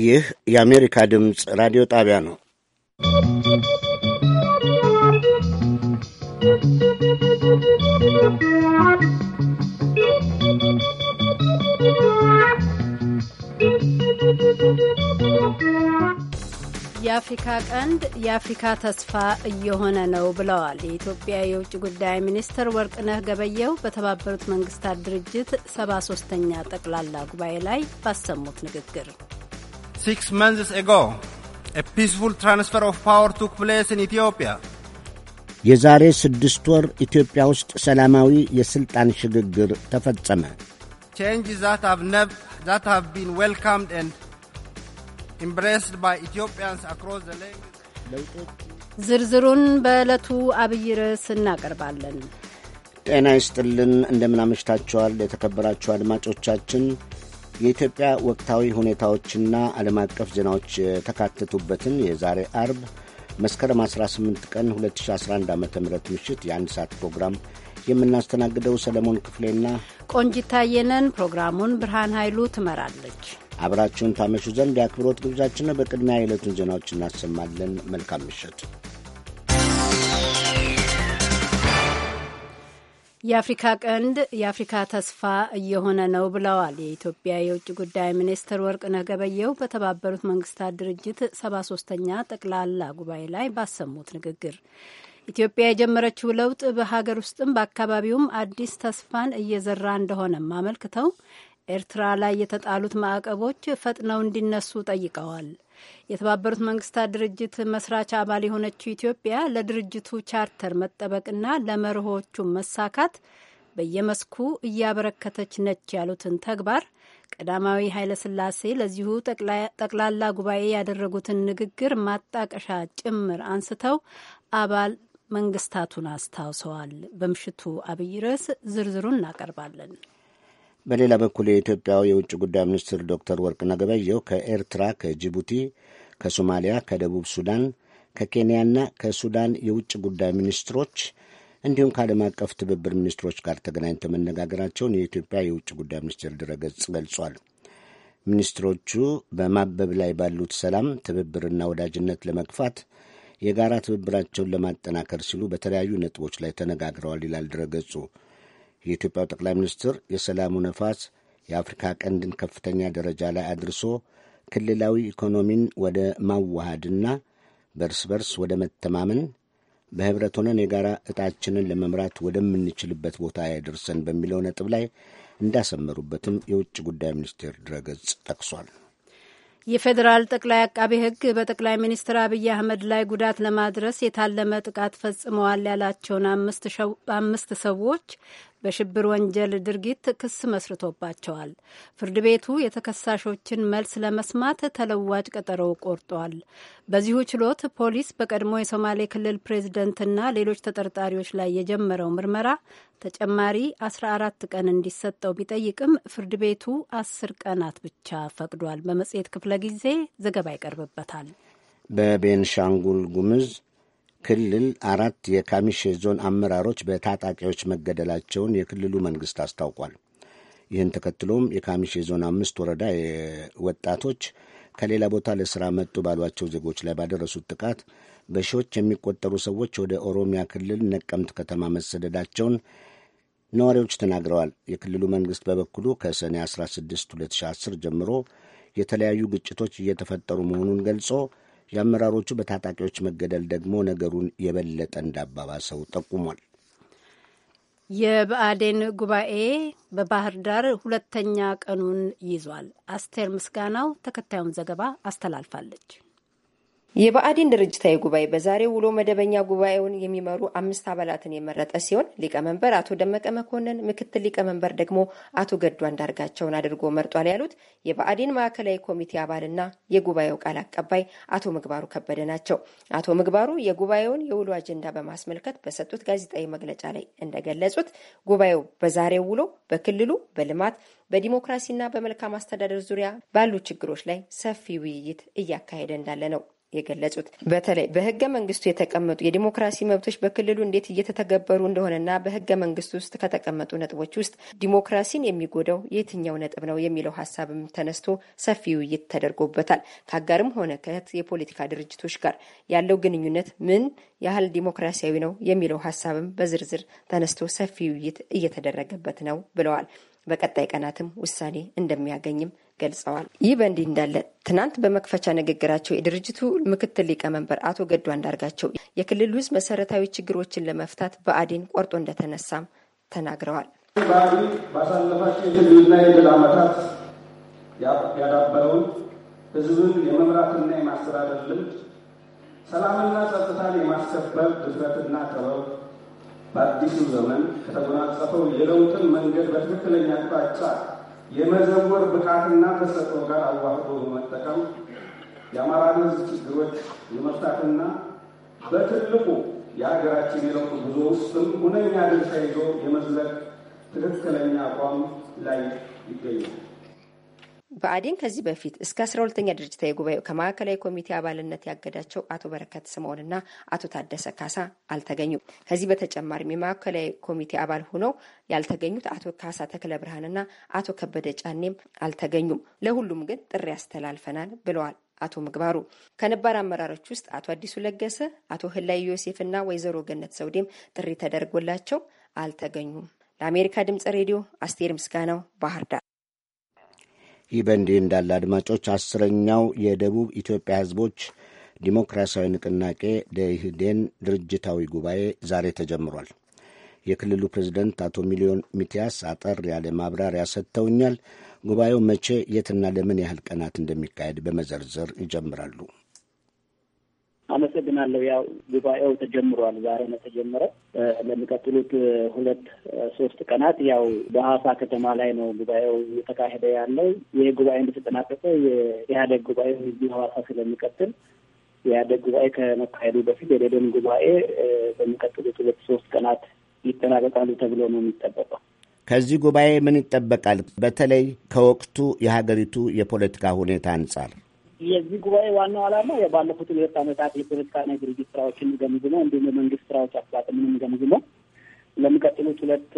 ይህ የአሜሪካ ድምፅ ራዲዮ ጣቢያ ነው። የአፍሪካ ቀንድ የአፍሪካ ተስፋ እየሆነ ነው ብለዋል የኢትዮጵያ የውጭ ጉዳይ ሚኒስትር ወርቅነህ ገበየው በተባበሩት መንግስታት ድርጅት ሰባ ሶስተኛ ጠቅላላ ጉባኤ ላይ ባሰሙት ንግግር six months ago, a peaceful transfer of power took place in Ethiopia. የዛሬ ስድስት ወር ኢትዮጵያ ውስጥ ሰላማዊ የሥልጣን ሽግግር ተፈጸመ። ዝርዝሩን በዕለቱ አብይ ርዕስ እናቀርባለን። ጤና ይስጥልን፣ እንደምናመሽታችኋል የተከበራችሁ አድማጮቻችን። የኢትዮጵያ ወቅታዊ ሁኔታዎችና ዓለም አቀፍ ዜናዎች የተካተቱበትን የዛሬ አርብ መስከረም 18 ቀን 2011 ዓ ም ምሽት የአንድ ሰዓት ፕሮግራም የምናስተናግደው ሰለሞን ክፍሌና ቆንጂት ፕሮግራሙን ብርሃን ኃይሉ ትመራለች። አብራችሁን ታመሹ ዘንድ የአክብሮት ግብዣችን። በቅድሚያ የዕለቱን ዜናዎች እናሰማለን። መልካም ምሽት። የአፍሪካ ቀንድ የአፍሪካ ተስፋ እየሆነ ነው ብለዋል የኢትዮጵያ የውጭ ጉዳይ ሚኒስትር ወርቅነህ ገበየሁ በተባበሩት መንግስታት ድርጅት ሰባ ሶስተኛ ጠቅላላ ጉባኤ ላይ ባሰሙት ንግግር ኢትዮጵያ የጀመረችው ለውጥ በሀገር ውስጥም በአካባቢውም አዲስ ተስፋን እየዘራ እንደሆነም አመልክተው ኤርትራ ላይ የተጣሉት ማዕቀቦች ፈጥነው እንዲነሱ ጠይቀዋል። የተባበሩት መንግስታት ድርጅት መስራች አባል የሆነችው ኢትዮጵያ ለድርጅቱ ቻርተር መጠበቅና ለመርሆቹ መሳካት በየመስኩ እያበረከተች ነች ያሉትን ተግባር ቀዳማዊ ኃይለስላሴ ለዚሁ ጠቅላላ ጉባኤ ያደረጉትን ንግግር ማጣቀሻ ጭምር አንስተው አባል መንግስታቱን አስታውሰዋል። በምሽቱ አብይ ርዕስ ዝርዝሩን እናቀርባለን። በሌላ በኩል የኢትዮጵያው የውጭ ጉዳይ ሚኒስትር ዶክተር ወርቅነህ ገበየሁ ከኤርትራ፣ ከጅቡቲ፣ ከሶማሊያ፣ ከደቡብ ሱዳን፣ ከኬንያና ከሱዳን የውጭ ጉዳይ ሚኒስትሮች እንዲሁም ከዓለም አቀፍ ትብብር ሚኒስትሮች ጋር ተገናኝተው መነጋገራቸውን የኢትዮጵያ የውጭ ጉዳይ ሚኒስቴር ድረገጽ ገልጿል። ሚኒስትሮቹ በማበብ ላይ ባሉት ሰላም፣ ትብብርና ወዳጅነት ለመግፋት የጋራ ትብብራቸውን ለማጠናከር ሲሉ በተለያዩ ነጥቦች ላይ ተነጋግረዋል ይላል ድረገጹ። የኢትዮጵያው ጠቅላይ ሚኒስትር የሰላሙ ነፋስ የአፍሪካ ቀንድን ከፍተኛ ደረጃ ላይ አድርሶ ክልላዊ ኢኮኖሚን ወደ ማዋሃድና በርስ በርስ ወደ መተማመን በህብረት ሆነን የጋራ እጣችንን ለመምራት ወደምንችልበት ቦታ ያደርሰን በሚለው ነጥብ ላይ እንዳሰመሩበትም የውጭ ጉዳይ ሚኒስቴር ድረገጽ ጠቅሷል። የፌዴራል ጠቅላይ አቃቤ ሕግ በጠቅላይ ሚኒስትር አብይ አህመድ ላይ ጉዳት ለማድረስ የታለመ ጥቃት ፈጽመዋል ያላቸውን አምስት ሰዎች በሽብር ወንጀል ድርጊት ክስ መስርቶባቸዋል። ፍርድ ቤቱ የተከሳሾችን መልስ ለመስማት ተለዋጭ ቀጠሮ ቆርጧል። በዚሁ ችሎት ፖሊስ በቀድሞ የሶማሌ ክልል ፕሬዝደንትና ሌሎች ተጠርጣሪዎች ላይ የጀመረው ምርመራ ተጨማሪ 14 ቀን እንዲሰጠው ቢጠይቅም ፍርድ ቤቱ አስር ቀናት ብቻ ፈቅዷል። በመጽሔት ክፍለ ጊዜ ዘገባ ይቀርብበታል። በቤንሻንጉል ጉምዝ ክልል አራት የካሚሼ ዞን አመራሮች በታጣቂዎች መገደላቸውን የክልሉ መንግሥት አስታውቋል። ይህን ተከትሎም የካሚሼ ዞን አምስት ወረዳ ወጣቶች ከሌላ ቦታ ለሥራ መጡ ባሏቸው ዜጎች ላይ ባደረሱት ጥቃት በሺዎች የሚቆጠሩ ሰዎች ወደ ኦሮሚያ ክልል ነቀምት ከተማ መሰደዳቸውን ነዋሪዎች ተናግረዋል። የክልሉ መንግሥት በበኩሉ ከሰኔ 16 2010 ጀምሮ የተለያዩ ግጭቶች እየተፈጠሩ መሆኑን ገልጾ የአመራሮቹ በታጣቂዎች መገደል ደግሞ ነገሩን የበለጠ እንዳባባሰው ጠቁሟል። የብአዴን ጉባኤ በባህር ዳር ሁለተኛ ቀኑን ይዟል። አስቴር ምስጋናው ተከታዩን ዘገባ አስተላልፋለች። የብአዴን ድርጅታዊ ጉባኤ በዛሬው ውሎ መደበኛ ጉባኤውን የሚመሩ አምስት አባላትን የመረጠ ሲሆን ሊቀመንበር አቶ ደመቀ መኮንን፣ ምክትል ሊቀመንበር ደግሞ አቶ ገዱ አንዳርጋቸውን አድርጎ መርጧል ያሉት የብአዴን ማዕከላዊ ኮሚቴ አባልና የጉባኤው ቃል አቀባይ አቶ ምግባሩ ከበደ ናቸው። አቶ ምግባሩ የጉባኤውን የውሎ አጀንዳ በማስመልከት በሰጡት ጋዜጣዊ መግለጫ ላይ እንደገለጹት ጉባኤው በዛሬው ውሎ በክልሉ በልማት በዲሞክራሲና በመልካም አስተዳደር ዙሪያ ባሉ ችግሮች ላይ ሰፊ ውይይት እያካሄደ እንዳለ ነው የገለጹት። በተለይ በህገ መንግስቱ የተቀመጡ የዲሞክራሲ መብቶች በክልሉ እንዴት እየተተገበሩ እንደሆነና በህገ መንግስቱ ውስጥ ከተቀመጡ ነጥቦች ውስጥ ዲሞክራሲን የሚጎዳው የትኛው ነጥብ ነው የሚለው ሀሳብም ተነስቶ ሰፊ ውይይት ተደርጎበታል። ከአጋርም ሆነ ከህት የፖለቲካ ድርጅቶች ጋር ያለው ግንኙነት ምን ያህል ዲሞክራሲያዊ ነው የሚለው ሀሳብም በዝርዝር ተነስቶ ሰፊ ውይይት እየተደረገበት ነው ብለዋል። በቀጣይ ቀናትም ውሳኔ እንደሚያገኝም ገልጸዋል። ይህ በእንዲህ እንዳለ ትናንት በመክፈቻ ንግግራቸው የድርጅቱ ምክትል ሊቀመንበር አቶ ገዱ አንዳርጋቸው የክልሉ ውስጥ መሰረታዊ ችግሮችን ለመፍታት በአዴን ቆርጦ እንደተነሳም ተናግረዋል። ያዳበረውን ህዝብን የመምራትና የማስተዳደር ልምድ ሰላምና ጸጥታን የማስከበር ድፍረትና ጥበብ በአዲሱ ዘመን ከተጎናጸፈው የለውጥን መንገድ በትክክለኛ አቅጣጫ የመዘወር ብቃትና ተሰጥኦ ጋር አዋህዶ በመጠቀም የአማራን ሕዝብ ችግሮች የመፍታትና በትልቁ የሀገራችን የለውጥ ጉዞ ውስጥም ሁነኛ ድርሻ ይዞ የመዝለቅ ትክክለኛ አቋም ላይ ይገኛል። በአዴን ከዚህ በፊት እስከ አስራ ሁለተኛ ድርጅታዊ ጉባኤ ከማዕከላዊ ኮሚቴ አባልነት ያገዳቸው አቶ በረከት ስምኦንና አቶ ታደሰ ካሳ አልተገኙም። ከዚህ በተጨማሪም የማዕከላዊ ኮሚቴ አባል ሆነው ያልተገኙት አቶ ካሳ ተክለ ብርሃንና አቶ ከበደ ጫኔም አልተገኙም። ለሁሉም ግን ጥሪ ያስተላልፈናል ብለዋል። አቶ ምግባሩ ከነባር አመራሮች ውስጥ አቶ አዲሱ ለገሰ፣ አቶ ህላይ ዮሴፍና ወይዘሮ ገነት ዘውዴም ጥሪ ተደርጎላቸው አልተገኙም። ለአሜሪካ ድምጽ ሬዲዮ አስቴር ምስጋናው ባህር ዳር። ይህ በእንዲህ እንዳለ አድማጮች አስረኛው የደቡብ ኢትዮጵያ ህዝቦች ዲሞክራሲያዊ ንቅናቄ ደኢህዴን ድርጅታዊ ጉባኤ ዛሬ ተጀምሯል። የክልሉ ፕሬዚደንት አቶ ሚሊዮን ሚቲያስ አጠር ያለ ማብራሪያ ሰጥተውኛል። ጉባኤው መቼ፣ የትና ለምን ያህል ቀናት እንደሚካሄድ በመዘርዘር ይጀምራሉ። አመሰግናለሁ። ያው ጉባኤው ተጀምሯል። ዛሬ ነው ተጀመረ። ለሚቀጥሉት ሁለት ሶስት ቀናት ያው በሀዋሳ ከተማ ላይ ነው ጉባኤው እየተካሄደ ያለው። ይህ ጉባኤ እንደተጠናቀቀ የኢህአደግ ጉባኤ እዚህ ሀዋሳ ስለሚቀጥል የኢህአደግ ጉባኤ ከመካሄዱ በፊት የደደን ጉባኤ በሚቀጥሉት ሁለት ሶስት ቀናት ይጠናቀቃሉ ተብሎ ነው የሚጠበቀው። ከዚህ ጉባኤ ምን ይጠበቃል? በተለይ ከወቅቱ የሀገሪቱ የፖለቲካ ሁኔታ አንጻር የዚህ ጉባኤ ዋናው ዓላማ የባለፉት ሁለት ዓመታት የፖለቲካና የድርጅት ስራዎችን ገምግሞ እንዲሁም የመንግስት ስራዎች አፈጻጸምንም ገምግሞ ለሚቀጥሉት ሁለት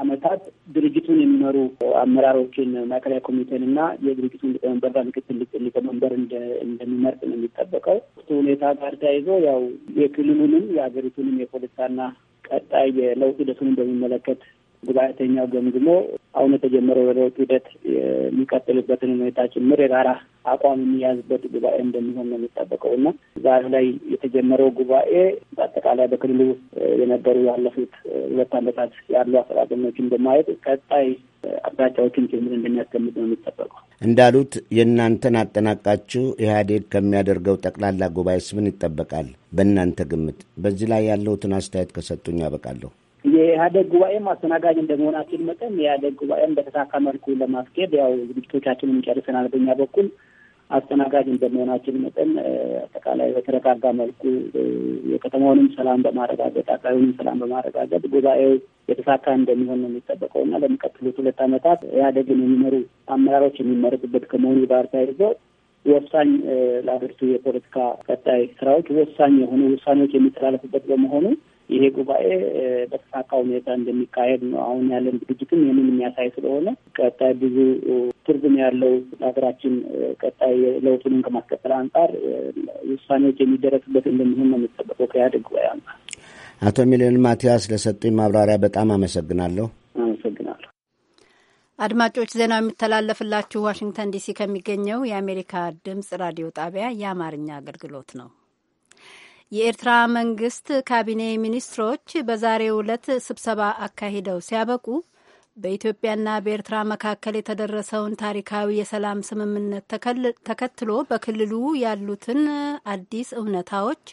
ዓመታት ድርጅቱን የሚመሩ አመራሮችን ማዕከላዊ ኮሚቴን እና የድርጅቱን ሊቀመንበርና ምክትል ሊቀመንበር እንደሚመርጥ ነው የሚጠበቀው። ሁኔታ ጋር ተያይዞ ያው የክልሉንም የሀገሪቱንም የፖለቲካና ቀጣይ የለውጥ ሂደቱን በሚመለከት ጉባኤተኛው ገምግሞ አሁን የተጀመረው የለውጥ ሂደት የሚቀጥልበትን ሁኔታ ጭምር የጋራ አቋም የሚያዝበት ጉባኤ እንደሚሆን ነው የሚጠበቀው እና ዛሬ ላይ የተጀመረው ጉባኤ በአጠቃላይ በክልሉ የነበሩ ያለፉት ሁለት ዓመታት ያሉ አፈጻጸሞችን በማየት ቀጣይ አቅጣጫዎችን ጭምር እንደሚያስቀምጥ ነው የሚጠበቀው። እንዳሉት የእናንተን አጠናቃችሁ ኢህአዴግ ከሚያደርገው ጠቅላላ ጉባኤስ ምን ይጠበቃል? በእናንተ ግምት በዚህ ላይ ያለውትን አስተያየት ከሰጡኝ ያበቃለሁ። የኢህአደግ ጉባኤም አስተናጋጅ እንደመሆናችን መጠን የኢህአደግ ጉባኤም በተሳካ መልኩ ለማስኬድ ያው ዝግጅቶቻችንን ጨርሰናል። በኛ በኩል አስተናጋጅ እንደመሆናችን መጠን አጠቃላይ በተረጋጋ መልኩ የከተማውንም ሰላም በማረጋገጥ አካባቢውንም ሰላም በማረጋገጥ ጉባኤው የተሳካ እንደሚሆን ነው የሚጠበቀው እና ለሚቀጥሉት ሁለት ዓመታት ኢህአደግን የሚመሩ አመራሮች የሚመረጡበት ከመሆኑ ጋር ተያይዞ ወሳኝ ለሀገሪቱ የፖለቲካ ቀጣይ ስራዎች ወሳኝ የሆኑ ውሳኔዎች የሚተላለፉበት በመሆኑ ይሄ ጉባኤ በተሳካ ሁኔታ እንደሚካሄድ ነው። አሁን ያለን ዝግጅትም ይህንን የሚያሳይ ስለሆነ ቀጣይ ብዙ ትርጉም ያለው ሀገራችን ቀጣይ ለውጡን ከማስቀጠል አንጻር ውሳኔዎች የሚደረስበት እንደሚሆን ነው የሚጠበቀው ከኢህአዴግ ጉባኤ አንጻር። አቶ ሚሊዮን ማቲያስ ለሰጡኝ ማብራሪያ በጣም አመሰግናለሁ። አመሰግናለሁ። አድማጮች ዜናው የሚተላለፍላችሁ ዋሽንግተን ዲሲ ከሚገኘው የአሜሪካ ድምጽ ራዲዮ ጣቢያ የአማርኛ አገልግሎት ነው። የኤርትራ መንግስት ካቢኔ ሚኒስትሮች በዛሬው ዕለት ስብሰባ አካሂደው ሲያበቁ በኢትዮጵያና በኤርትራ መካከል የተደረሰውን ታሪካዊ የሰላም ስምምነት ተከትሎ በክልሉ ያሉትን አዲስ እውነታዎች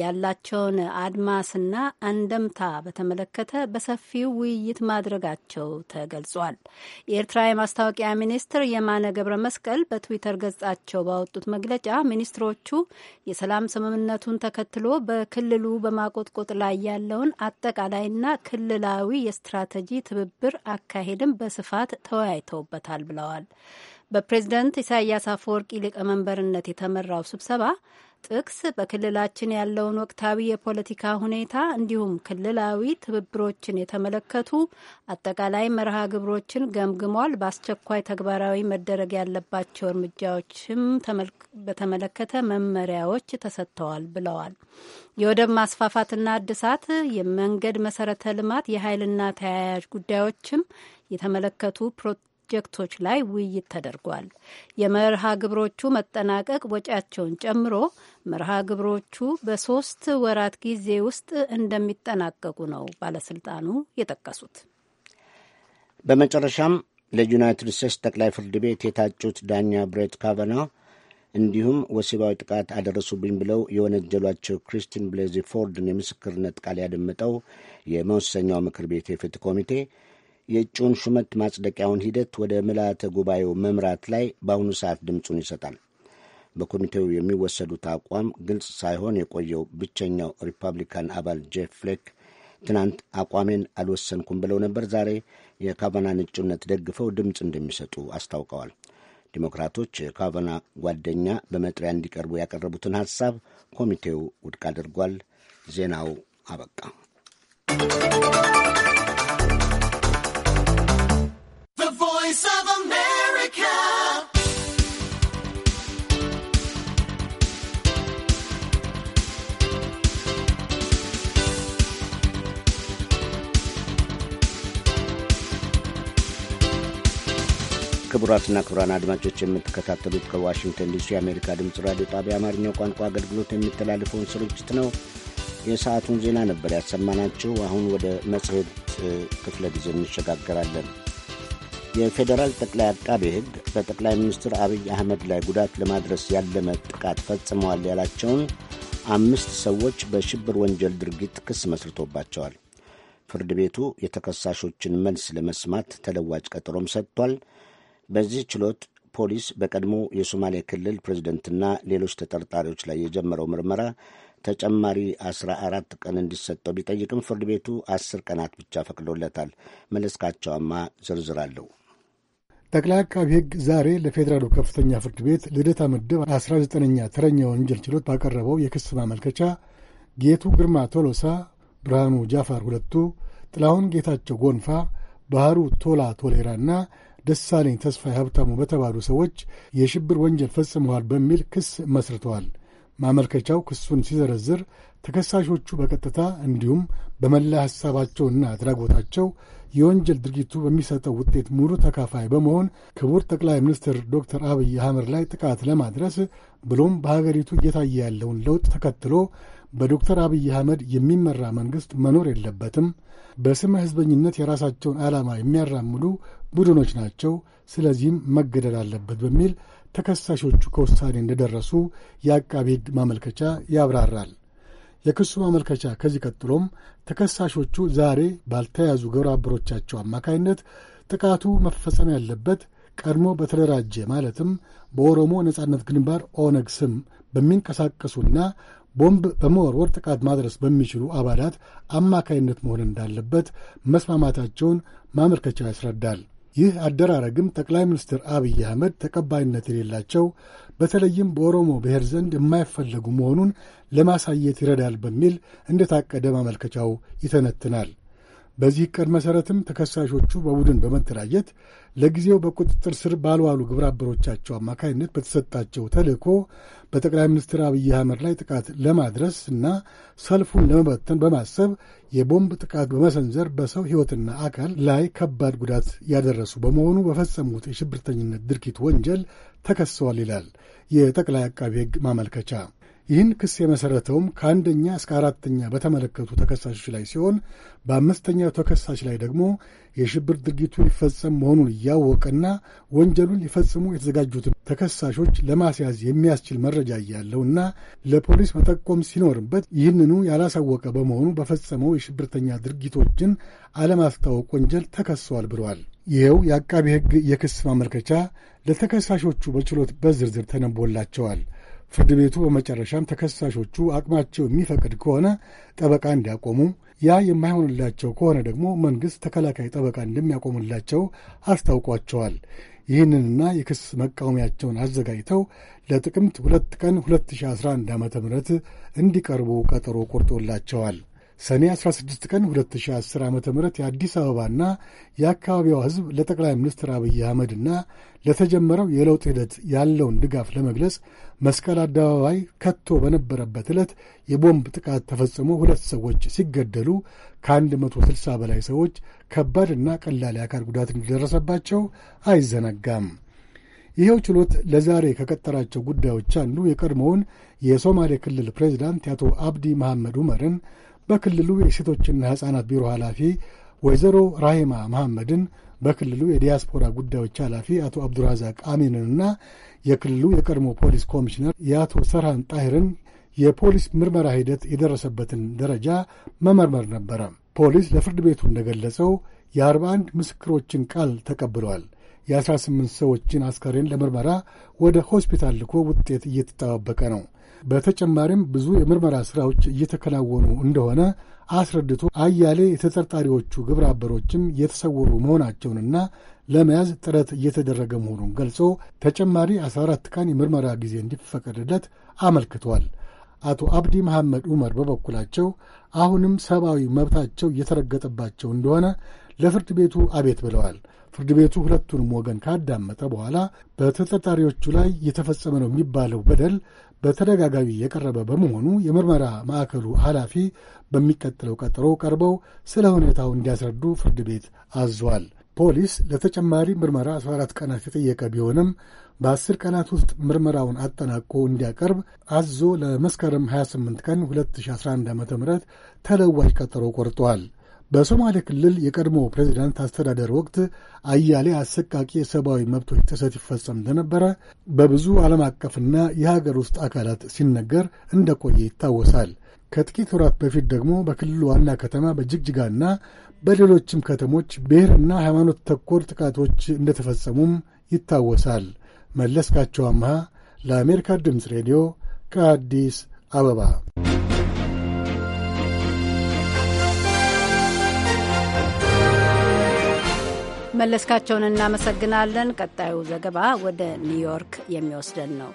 ያላቸውን አድማስና አንደምታ በተመለከተ በሰፊው ውይይት ማድረጋቸው ተገልጿል። የኤርትራ የማስታወቂያ ሚኒስትር የማነ ገብረ መስቀል በትዊተር ገጻቸው ባወጡት መግለጫ ሚኒስትሮቹ የሰላም ስምምነቱን ተከትሎ በክልሉ በማቆጥቆጥ ላይ ያለውን አጠቃላይና ክልላዊ የስትራቴጂ ትብብር አካሄድም በስፋት ተወያይተውበታል ብለዋል። በፕሬዝደንት ኢሳያስ አፈወርቂ ሊቀመንበርነት የተመራው ስብሰባ ጥቅስ በክልላችን ያለውን ወቅታዊ የፖለቲካ ሁኔታ እንዲሁም ክልላዊ ትብብሮችን የተመለከቱ አጠቃላይ መርሃ ግብሮችን ገምግሟል። በአስቸኳይ ተግባራዊ መደረግ ያለባቸው እርምጃዎችም በተመለከተ መመሪያዎች ተሰጥተዋል ብለዋል። የወደብ ማስፋፋትና እድሳት፣ የመንገድ መሰረተ ልማት፣ የኃይልና ተያያዥ ጉዳዮችም የተመለከቱ ፕሮጀክቶች ላይ ውይይት ተደርጓል። የመርሃ ግብሮቹ መጠናቀቅ ወጪያቸውን ጨምሮ መርሃ ግብሮቹ በሶስት ወራት ጊዜ ውስጥ እንደሚጠናቀቁ ነው ባለስልጣኑ የጠቀሱት። በመጨረሻም ለዩናይትድ ስቴትስ ጠቅላይ ፍርድ ቤት የታጩት ዳኛ ብሬት ካቨና እንዲሁም ወሲባዊ ጥቃት አደረሱብኝ ብለው የወነጀሏቸው ክሪስቲን ብሌዚ ፎርድን የምስክርነት ቃል ያደመጠው የመወሰኛው ምክር ቤት የፍትህ ኮሚቴ የእጩውን ሹመት ማጽደቂያውን ሂደት ወደ ምልአተ ጉባኤው መምራት ላይ በአሁኑ ሰዓት ድምፁን ይሰጣል። በኮሚቴው የሚወሰዱት አቋም ግልጽ ሳይሆን የቆየው ብቸኛው ሪፐብሊካን አባል ጄፍ ፍሌክ ትናንት አቋሜን አልወሰንኩም ብለው ነበር። ዛሬ የካቫናን እጩነት ደግፈው ድምፅ እንደሚሰጡ አስታውቀዋል። ዲሞክራቶች የካቫና ጓደኛ በመጥሪያ እንዲቀርቡ ያቀረቡትን ሐሳብ ኮሚቴው ውድቅ አድርጓል። ዜናው አበቃ። ክቡራትና ክቡራን አድማጮች የምትከታተሉት ከዋሽንግተን ዲሲ የአሜሪካ ድምፅ ራዲዮ ጣቢያ አማርኛው ቋንቋ አገልግሎት የሚተላለፈውን ስርጭት ነው። የሰዓቱን ዜና ነበር ያሰማናቸው። አሁን ወደ መጽሔት ክፍለ ጊዜ እንሸጋገራለን። የፌዴራል ጠቅላይ አቃቤ ሕግ በጠቅላይ ሚኒስትር አብይ አህመድ ላይ ጉዳት ለማድረስ ያለመ ጥቃት ፈጽመዋል ያላቸውን አምስት ሰዎች በሽብር ወንጀል ድርጊት ክስ መስርቶባቸዋል። ፍርድ ቤቱ የተከሳሾችን መልስ ለመስማት ተለዋጭ ቀጠሮም ሰጥቷል። በዚህ ችሎት ፖሊስ በቀድሞ የሶማሌ ክልል ፕሬዚደንትና ሌሎች ተጠርጣሪዎች ላይ የጀመረው ምርመራ ተጨማሪ 14 ቀን እንዲሰጠው ቢጠይቅም ፍርድ ቤቱ 10 ቀናት ብቻ ፈቅዶለታል። መለስካቸዋማ ዝርዝር አለው። ጠቅላይ አቃቢ ሕግ ዛሬ ለፌዴራሉ ከፍተኛ ፍርድ ቤት ልደታ ምድብ 19ኛ ተረኛ ወንጀል ችሎት ባቀረበው የክስ ማመልከቻ ጌቱ ግርማ ቶሎሳ፣ ብርሃኑ ጃፋር ሁለቱ፣ ጥላሁን ጌታቸው ጎንፋ፣ ባህሩ ቶላ ቶሌራና ደሳለኝ ተስፋ ሀብታሙ በተባሉ ሰዎች የሽብር ወንጀል ፈጽመዋል በሚል ክስ መስርተዋል። ማመልከቻው ክሱን ሲዘረዝር ተከሳሾቹ በቀጥታ እንዲሁም በመላ ሐሳባቸውና አድራጎታቸው የወንጀል ድርጊቱ በሚሰጠው ውጤት ሙሉ ተካፋይ በመሆን ክቡር ጠቅላይ ሚኒስትር ዶክተር አብይ አህመድ ላይ ጥቃት ለማድረስ ብሎም በሀገሪቱ እየታየ ያለውን ለውጥ ተከትሎ በዶክተር አብይ አህመድ የሚመራ መንግሥት መኖር የለበትም፣ በስመ ሕዝበኝነት የራሳቸውን ዓላማ የሚያራምዱ ቡድኖች ናቸው፣ ስለዚህም መገደል አለበት በሚል ተከሳሾቹ ከውሳኔ እንደደረሱ የአቃቤ ሕግ ማመልከቻ ያብራራል። የክሱ ማመልከቻ ከዚህ ቀጥሎም ተከሳሾቹ ዛሬ ባልተያዙ ግብረ አበሮቻቸው አማካይነት ጥቃቱ መፈጸም ያለበት ቀድሞ በተደራጀ ማለትም በኦሮሞ ነጻነት ግንባር ኦነግ ስም በሚንቀሳቀሱና ቦምብ በመወርወር ጥቃት ማድረስ በሚችሉ አባላት አማካይነት መሆን እንዳለበት መስማማታቸውን ማመልከቻው ያስረዳል። ይህ አደራረግም ጠቅላይ ሚኒስትር አብይ አህመድ ተቀባይነት የሌላቸው በተለይም በኦሮሞ ብሔር ዘንድ የማይፈለጉ መሆኑን ለማሳየት ይረዳል በሚል እንደታቀደ ማመልከቻው ይተነትናል። በዚህ ዕቅድ መሠረትም ተከሳሾቹ በቡድን በመደራጀት ለጊዜው በቁጥጥር ስር ባልዋሉ ግብረ አበሮቻቸው በተሰጣቸው ተልእኮ በጠቅላይ ሚኒስትር አብይ አህመድ ላይ ጥቃት ለማድረስ እና ሰልፉን ለመበተን በማሰብ የቦምብ ጥቃት በመሰንዘር በሰው ሕይወትና አካል ላይ ከባድ ጉዳት ያደረሱ በመሆኑ በፈጸሙት የሽብርተኝነት ድርጊት ወንጀል ተከሰዋል ይላል የጠቅላይ አቃቢ ሕግ ማመልከቻ። ይህን ክስ የመሠረተውም ከአንደኛ እስከ አራተኛ በተመለከቱ ተከሳሾች ላይ ሲሆን በአምስተኛው ተከሳሽ ላይ ደግሞ የሽብር ድርጊቱ ሊፈጸም መሆኑን እያወቀና ወንጀሉን ሊፈጽሙ የተዘጋጁትን ተከሳሾች ለማስያዝ የሚያስችል መረጃ እያለው እና ለፖሊስ መጠቆም ሲኖርበት ይህንኑ ያላሳወቀ በመሆኑ በፈጸመው የሽብርተኛ ድርጊቶችን አለማስታወቅ ወንጀል ተከሰዋል ብለዋል። ይኸው የአቃቢ ሕግ የክስ ማመልከቻ ለተከሳሾቹ በችሎት በዝርዝር ተነቦላቸዋል። ፍርድ ቤቱ በመጨረሻም ተከሳሾቹ አቅማቸው የሚፈቅድ ከሆነ ጠበቃ እንዲያቆሙ፣ ያ የማይሆንላቸው ከሆነ ደግሞ መንግሥት ተከላካይ ጠበቃ እንደሚያቆምላቸው አስታውቋቸዋል። ይህንንና የክስ መቃወሚያቸውን አዘጋጅተው ለጥቅምት ሁለት ቀን 2011 ዓ ም እንዲቀርቡ ቀጠሮ ቆርጦላቸዋል። ሰኔ 16 ቀን 2010 ዓ ም የአዲስ አበባና የአካባቢዋ ሕዝብ ለጠቅላይ ሚኒስትር አብይ አህመድና ለተጀመረው የለውጥ ሂደት ያለውን ድጋፍ ለመግለጽ መስቀል አደባባይ ከቶ በነበረበት ዕለት የቦምብ ጥቃት ተፈጽሞ ሁለት ሰዎች ሲገደሉ ከ160 በላይ ሰዎች ከባድና ቀላል የአካል ጉዳት እንደደረሰባቸው አይዘነጋም። ይኸው ችሎት ለዛሬ ከቀጠራቸው ጉዳዮች አንዱ የቀድሞውን የሶማሌ ክልል ፕሬዚዳንት የአቶ አብዲ መሐመድ ዑመርን በክልሉ የሴቶችና ሕፃናት ቢሮ ኃላፊ ወይዘሮ ራሂማ መሐመድን በክልሉ የዲያስፖራ ጉዳዮች ኃላፊ አቶ አብዱራዛቅ አሚንንና የክልሉ የቀድሞ ፖሊስ ኮሚሽነር የአቶ ሰርሃን ጣሂርን የፖሊስ ምርመራ ሂደት የደረሰበትን ደረጃ መመርመር ነበረ። ፖሊስ ለፍርድ ቤቱ እንደገለጸው የ41 ምስክሮችን ቃል ተቀብለዋል። የ18 ሰዎችን አስከሬን ለምርመራ ወደ ሆስፒታል ልኮ ውጤት እየተጠባበቀ ነው። በተጨማሪም ብዙ የምርመራ ስራዎች እየተከናወኑ እንደሆነ አስረድቶ አያሌ የተጠርጣሪዎቹ ግብረ አበሮችም የተሰወሩ መሆናቸውንና ለመያዝ ጥረት እየተደረገ መሆኑን ገልጾ ተጨማሪ 14 ቀን የምርመራ ጊዜ እንዲፈቀድለት አመልክቷል። አቶ አብዲ መሐመድ ዑመር በበኩላቸው አሁንም ሰብአዊ መብታቸው እየተረገጠባቸው እንደሆነ ለፍርድ ቤቱ አቤት ብለዋል። ፍርድ ቤቱ ሁለቱንም ወገን ካዳመጠ በኋላ በተጠርጣሪዎቹ ላይ የተፈጸመ ነው የሚባለው በደል በተደጋጋሚ የቀረበ በመሆኑ የምርመራ ማዕከሉ ኃላፊ በሚቀጥለው ቀጠሮ ቀርበው ስለ ሁኔታው እንዲያስረዱ ፍርድ ቤት አዟል። ፖሊስ ለተጨማሪ ምርመራ 14 ቀናት የጠየቀ ቢሆንም በ ቀናት ውስጥ ምርመራውን አጠናቆ እንዲያቀርብ አዞ ለመስከረም 28 ቀን 2011 ዓ ም ተለዋጭ ቀጠሮ ቆርጧል። በሶማሌ ክልል የቀድሞ ፕሬዚዳንት አስተዳደር ወቅት አያሌ አሰቃቂ የሰብአዊ መብቶች ጥሰት ይፈጸም እንደነበረ በብዙ ዓለም አቀፍና የሀገር ውስጥ አካላት ሲነገር እንደቆየ ይታወሳል። ከጥቂት ወራት በፊት ደግሞ በክልሉ ዋና ከተማ በጅግጅጋና በሌሎችም ከተሞች ብሔርና ሃይማኖት ተኮር ጥቃቶች እንደተፈጸሙም ይታወሳል። መለስካቸው አምሃ ለአሜሪካ ድምፅ ሬዲዮ ከአዲስ አበባ መለስካቸውን እናመሰግናለን። ቀጣዩ ዘገባ ወደ ኒውዮርክ የሚወስደን ነው።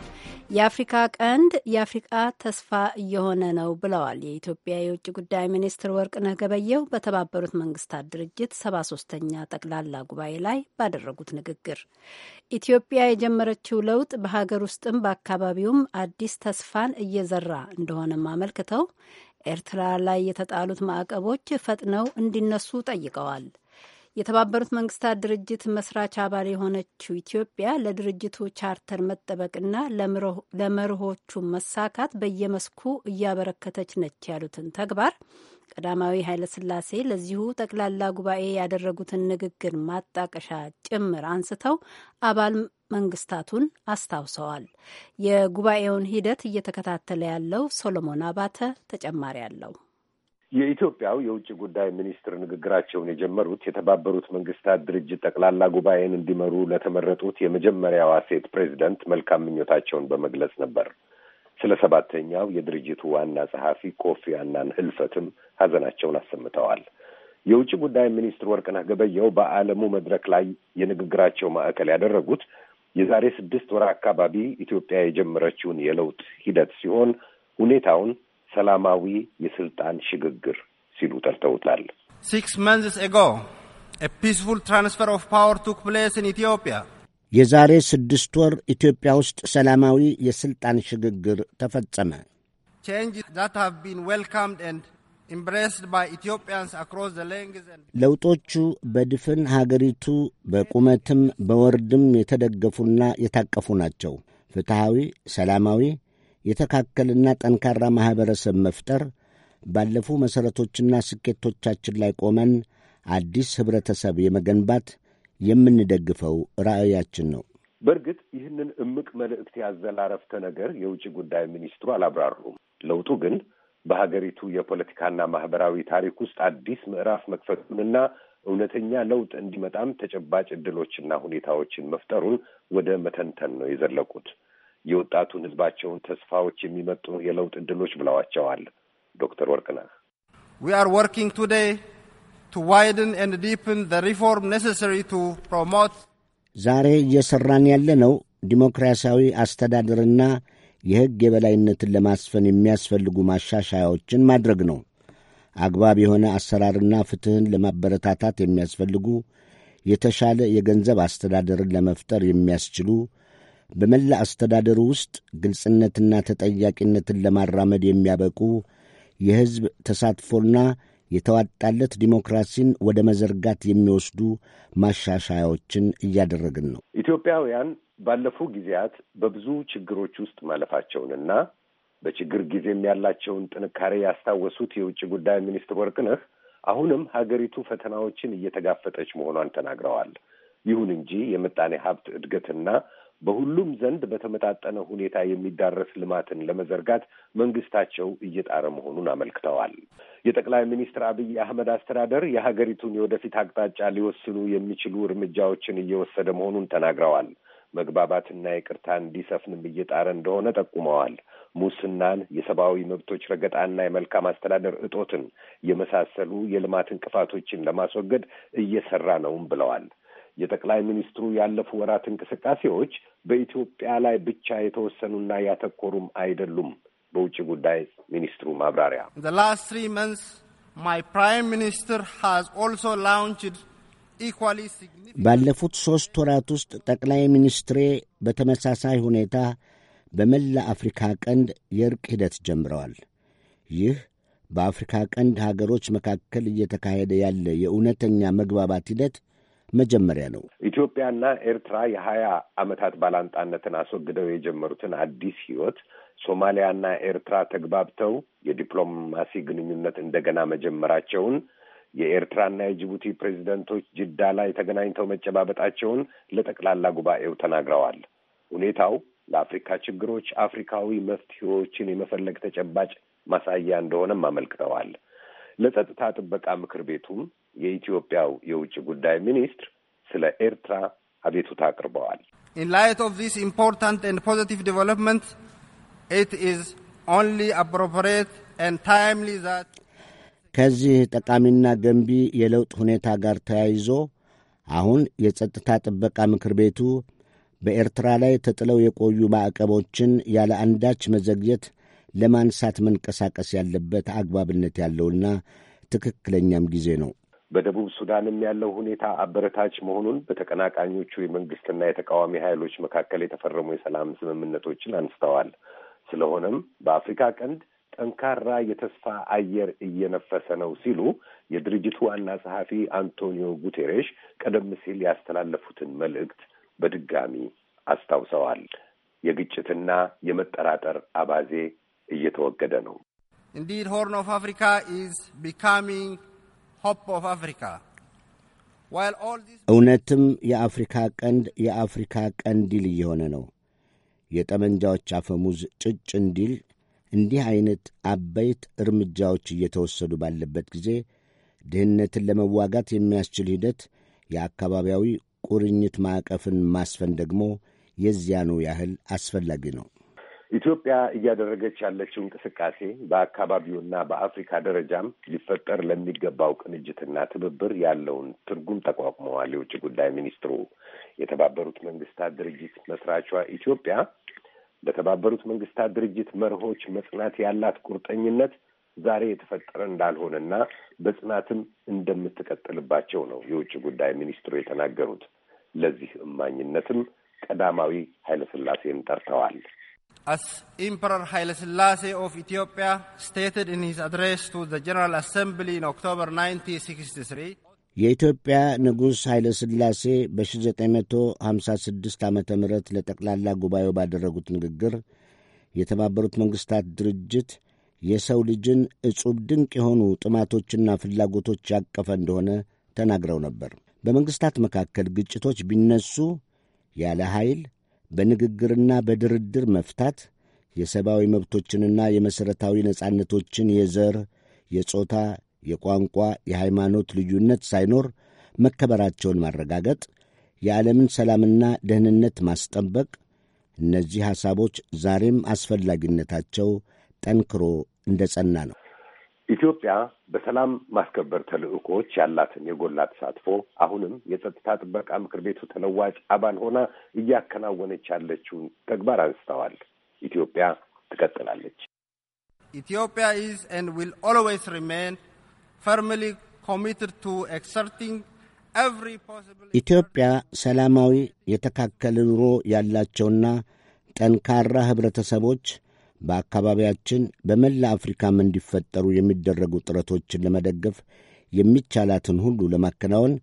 የአፍሪካ ቀንድ የአፍሪካ ተስፋ እየሆነ ነው ብለዋል የኢትዮጵያ የውጭ ጉዳይ ሚኒስትር ወርቅነህ ገበየሁ በተባበሩት መንግስታት ድርጅት ሰባ ሶስተኛ ጠቅላላ ጉባኤ ላይ ባደረጉት ንግግር ኢትዮጵያ የጀመረችው ለውጥ በሀገር ውስጥም በአካባቢውም አዲስ ተስፋን እየዘራ እንደሆነም አመልክተው ኤርትራ ላይ የተጣሉት ማዕቀቦች ፈጥነው እንዲነሱ ጠይቀዋል። የተባበሩት መንግስታት ድርጅት መስራች አባል የሆነችው ኢትዮጵያ ለድርጅቱ ቻርተር መጠበቅና ለመርሆቹ መሳካት በየመስኩ እያበረከተች ነች ያሉትን ተግባር ቀዳማዊ ኃይለስላሴ ለዚሁ ጠቅላላ ጉባኤ ያደረጉትን ንግግር ማጣቀሻ ጭምር አንስተው አባል መንግስታቱን አስታውሰዋል። የጉባኤውን ሂደት እየተከታተለ ያለው ሶሎሞን አባተ ተጨማሪ አለው። የኢትዮጵያው የውጭ ጉዳይ ሚኒስትር ንግግራቸውን የጀመሩት የተባበሩት መንግስታት ድርጅት ጠቅላላ ጉባኤን እንዲመሩ ለተመረጡት የመጀመሪያዋ ሴት ፕሬዚደንት መልካም ምኞታቸውን በመግለጽ ነበር። ስለ ሰባተኛው የድርጅቱ ዋና ጸሐፊ ኮፊ አናን ህልፈትም ሀዘናቸውን አሰምተዋል። የውጭ ጉዳይ ሚኒስትር ወርቅነህ ገበየው በዓለሙ መድረክ ላይ የንግግራቸው ማዕከል ያደረጉት የዛሬ ስድስት ወር አካባቢ ኢትዮጵያ የጀመረችውን የለውጥ ሂደት ሲሆን ሁኔታውን ሰላማዊ የስልጣን ሽግግር ሲሉ ጠርተውታል። ሲክስ መንዝስ ኤጎ ፒስፉል ትራንስፈር ኦፍ ፓወር ቱክ ፕሌስ ኢን ኢትዮጵያ የዛሬ ስድስት ወር ኢትዮጵያ ውስጥ ሰላማዊ የሥልጣን ሽግግር ተፈጸመ። ለውጦቹ በድፍን ሀገሪቱ በቁመትም በወርድም የተደገፉና የታቀፉ ናቸው። ፍትሐዊ፣ ሰላማዊ፣ የተካከልና ጠንካራ ማኅበረሰብ መፍጠር ባለፉ መሠረቶችና ስኬቶቻችን ላይ ቆመን አዲስ ኅብረተሰብ የመገንባት የምንደግፈው ራዕያችን ነው። በእርግጥ ይህንን እምቅ መልእክት ያዘለ አረፍተ ነገር የውጭ ጉዳይ ሚኒስትሩ አላብራሩም። ለውጡ ግን በሀገሪቱ የፖለቲካና ማኅበራዊ ታሪክ ውስጥ አዲስ ምዕራፍ መክፈቱንና እውነተኛ ለውጥ እንዲመጣም ተጨባጭ ዕድሎችና ሁኔታዎችን መፍጠሩን ወደ መተንተን ነው የዘለቁት። የወጣቱን ህዝባቸውን ተስፋዎች የሚመጡ የለውጥ እድሎች ብለዋቸዋል ዶክተር ወርቅነህ። ዊ አር ወርኪንግ ቱዴይ ቱ ዋይድን ኤንድ ዲፕን ዘ ሪፎርም ኔሴሰሪ ቱ ፕሮሞት ዛሬ እየሰራን ያለነው ዲሞክራሲያዊ አስተዳደርና የሕግ የበላይነትን ለማስፈን የሚያስፈልጉ ማሻሻያዎችን ማድረግ ነው። አግባብ የሆነ አሰራርና ፍትሕን ለማበረታታት የሚያስፈልጉ የተሻለ የገንዘብ አስተዳደርን ለመፍጠር የሚያስችሉ በመላ አስተዳደሩ ውስጥ ግልጽነትና ተጠያቂነትን ለማራመድ የሚያበቁ የሕዝብ ተሳትፎና የተዋጣለት ዲሞክራሲን ወደ መዘርጋት የሚወስዱ ማሻሻያዎችን እያደረግን ነው። ኢትዮጵያውያን ባለፉ ጊዜያት በብዙ ችግሮች ውስጥ ማለፋቸውንና በችግር ጊዜም ያላቸውን ጥንካሬ ያስታወሱት የውጭ ጉዳይ ሚኒስትር ወርቅነህ አሁንም ሀገሪቱ ፈተናዎችን እየተጋፈጠች መሆኗን ተናግረዋል። ይሁን እንጂ የምጣኔ ሀብት እድገትና በሁሉም ዘንድ በተመጣጠነ ሁኔታ የሚዳረስ ልማትን ለመዘርጋት መንግስታቸው እየጣረ መሆኑን አመልክተዋል። የጠቅላይ ሚኒስትር አብይ አህመድ አስተዳደር የሀገሪቱን የወደፊት አቅጣጫ ሊወስኑ የሚችሉ እርምጃዎችን እየወሰደ መሆኑን ተናግረዋል። መግባባትና ይቅርታ እንዲሰፍንም እየጣረ እንደሆነ ጠቁመዋል። ሙስናን፣ የሰብአዊ መብቶች ረገጣና የመልካም አስተዳደር እጦትን የመሳሰሉ የልማት እንቅፋቶችን ለማስወገድ እየሰራ ነውም ብለዋል። የጠቅላይ ሚኒስትሩ ያለፉ ወራት እንቅስቃሴዎች በኢትዮጵያ ላይ ብቻ የተወሰኑና ያተኮሩም አይደሉም። በውጭ ጉዳይ ሚኒስትሩ ማብራሪያ ባለፉት ሦስት ወራት ውስጥ ጠቅላይ ሚኒስትሬ በተመሳሳይ ሁኔታ በመላ አፍሪካ ቀንድ የእርቅ ሂደት ጀምረዋል። ይህ በአፍሪካ ቀንድ ሀገሮች መካከል እየተካሄደ ያለ የእውነተኛ መግባባት ሂደት መጀመሪያ ነው። ኢትዮጵያና ኤርትራ የሀያ ዓመታት ባላንጣነትን አስወግደው የጀመሩትን አዲስ ህይወት ሶማሊያና ኤርትራ ተግባብተው የዲፕሎማሲ ግንኙነት እንደገና መጀመራቸውን የኤርትራና የጅቡቲ ፕሬዚደንቶች ጅዳ ላይ ተገናኝተው መጨባበጣቸውን ለጠቅላላ ጉባኤው ተናግረዋል። ሁኔታው ለአፍሪካ ችግሮች አፍሪካዊ መፍትሄዎችን የመፈለግ ተጨባጭ ማሳያ እንደሆነም አመልክተዋል። ለጸጥታ ጥበቃ ምክር ቤቱም የኢትዮጵያው የውጭ ጉዳይ ሚኒስትር ስለ ኤርትራ አቤቱታ አቅርበዋል። ኢን ላይት ኦፍ ዚስ ኢምፖርታንት ኤንድ ፖዚቲቭ ዴቨሎፕመንት ኢት ኢዝ ኦንሊ አፕሮፕሬት ኤንድ ታይምሊ ዛት ከዚህ ጠቃሚና ገንቢ የለውጥ ሁኔታ ጋር ተያይዞ አሁን የጸጥታ ጥበቃ ምክር ቤቱ በኤርትራ ላይ ተጥለው የቆዩ ማዕቀቦችን ያለ አንዳች መዘግየት ለማንሳት መንቀሳቀስ ያለበት አግባብነት ያለውና ትክክለኛም ጊዜ ነው። በደቡብ ሱዳንም ያለው ሁኔታ አበረታች መሆኑን በተቀናቃኞቹ የመንግስትና የተቃዋሚ ኃይሎች መካከል የተፈረሙ የሰላም ስምምነቶችን አንስተዋል። ስለሆነም በአፍሪካ ቀንድ ጠንካራ የተስፋ አየር እየነፈሰ ነው ሲሉ የድርጅቱ ዋና ጸሐፊ አንቶኒዮ ጉቴሬሽ ቀደም ሲል ያስተላለፉትን መልእክት በድጋሚ አስታውሰዋል። የግጭትና የመጠራጠር አባዜ እየተወገደ ነው። Indeed, ሆርን ኦፍ አፍሪካ ኢዝ ቢካሚንግ ሆፕ ኦፍ አፍሪካ እውነትም የአፍሪካ ቀንድ የአፍሪካ ቀንዲል እየሆነ ነው። የጠመንጃዎች አፈሙዝ ጭጭ እንዲል እንዲህ ዐይነት አበይት እርምጃዎች እየተወሰዱ ባለበት ጊዜ ድህነትን ለመዋጋት የሚያስችል ሂደት የአካባቢያዊ ቁርኝት ማዕቀፍን ማስፈን ደግሞ የዚያኑ ያህል አስፈላጊ ነው። ኢትዮጵያ እያደረገች ያለችው እንቅስቃሴ በአካባቢውና በአፍሪካ ደረጃም ሊፈጠር ለሚገባው ቅንጅትና ትብብር ያለውን ትርጉም ተቋቁመዋል የውጭ ጉዳይ ሚኒስትሩ የተባበሩት መንግስታት ድርጅት መስራቿ ኢትዮጵያ ለተባበሩት መንግስታት ድርጅት መርሆች መጽናት ያላት ቁርጠኝነት ዛሬ የተፈጠረ እንዳልሆነና በጽናትም እንደምትቀጥልባቸው ነው የውጭ ጉዳይ ሚኒስትሩ የተናገሩት። ለዚህ እማኝነትም ቀዳማዊ ኃይለሥላሴን ጠርተዋል። As Emperor Haile Selassie of Ethiopia stated in his address to the General Assembly in October 1963 የኢትዮጵያ ንጉሥ ኃይለ ሥላሴ በ1956 ዓ ም ለጠቅላላ ጉባኤው ባደረጉት ንግግር የተባበሩት መንግሥታት ድርጅት የሰው ልጅን ዕጹብ ድንቅ የሆኑ ጥማቶችና ፍላጎቶች ያቀፈ እንደሆነ ተናግረው ነበር። በመንግሥታት መካከል ግጭቶች ቢነሱ ያለ ኃይል በንግግርና በድርድር መፍታት የሰብአዊ መብቶችንና የመሠረታዊ ነጻነቶችን የዘር፣ የጾታ፣ የቋንቋ፣ የሃይማኖት ልዩነት ሳይኖር መከበራቸውን ማረጋገጥ፣ የዓለምን ሰላምና ደህንነት ማስጠበቅ፣ እነዚህ ሐሳቦች ዛሬም አስፈላጊነታቸው ጠንክሮ እንደ ጸና ነው። ኢትዮጵያ በሰላም ማስከበር ተልዕኮዎች ያላትን የጎላ ተሳትፎ አሁንም የጸጥታ ጥበቃ ምክር ቤቱ ተለዋጭ አባል ሆና እያከናወነች ያለችውን ተግባር አንስተዋል። ኢትዮጵያ ትቀጥላለች። ኢትዮጵያ ኢዝ ኤንድ ዊል ኦልዌይስ ሪሜን ፈርምሊ ኮሚትድ ቱ ኤክሰርቲንግ ኤቭሪ ፖሲብል ኢትዮጵያ ሰላማዊ የተካከለ ኑሮ ያላቸውና ጠንካራ ህብረተሰቦች በአካባቢያችን በመላ አፍሪካም እንዲፈጠሩ የሚደረጉ ጥረቶችን ለመደገፍ የሚቻላትን ሁሉ ለማከናወን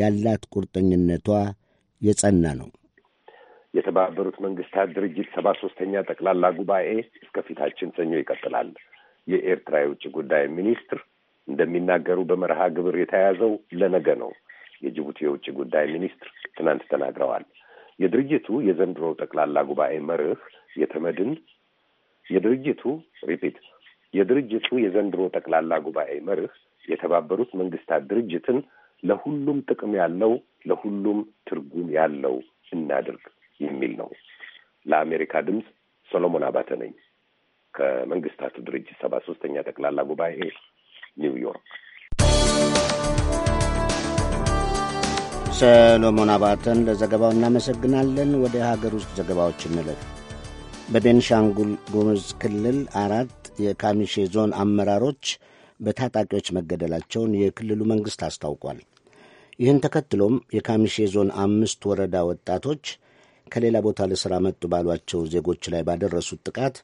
ያላት ቁርጠኝነቷ የጸና ነው። የተባበሩት መንግስታት ድርጅት ሰባ ሶስተኛ ጠቅላላ ጉባኤ እስከፊታችን ሰኞ ይቀጥላል። የኤርትራ የውጭ ጉዳይ ሚኒስትር እንደሚናገሩ በመርሃ ግብር የተያዘው ለነገ ነው። የጅቡቲ የውጭ ጉዳይ ሚኒስትር ትናንት ተናግረዋል። የድርጅቱ የዘንድሮ ጠቅላላ ጉባኤ መርህ የተመድን የድርጅቱ ሪፒት የድርጅቱ የዘንድሮ ጠቅላላ ጉባኤ መርህ የተባበሩት መንግስታት ድርጅትን ለሁሉም ጥቅም ያለው ለሁሉም ትርጉም ያለው እናድርግ የሚል ነው። ለአሜሪካ ድምፅ ሶሎሞን አባተ ነኝ ከመንግስታቱ ድርጅት ሰባ ሶስተኛ ጠቅላላ ጉባኤ ኒውዮርክ። ሰሎሞን አባተን ለዘገባው እናመሰግናለን። ወደ ሀገር ውስጥ ዘገባዎች እንለፍ። በቤንሻንጉል ጉሙዝ ክልል አራት የካሚሼ ዞን አመራሮች በታጣቂዎች መገደላቸውን የክልሉ መንግሥት አስታውቋል። ይህን ተከትሎም የካሚሼ ዞን አምስት ወረዳ ወጣቶች ከሌላ ቦታ ለሥራ መጡ ባሏቸው ዜጎች ላይ ባደረሱት ጥቃት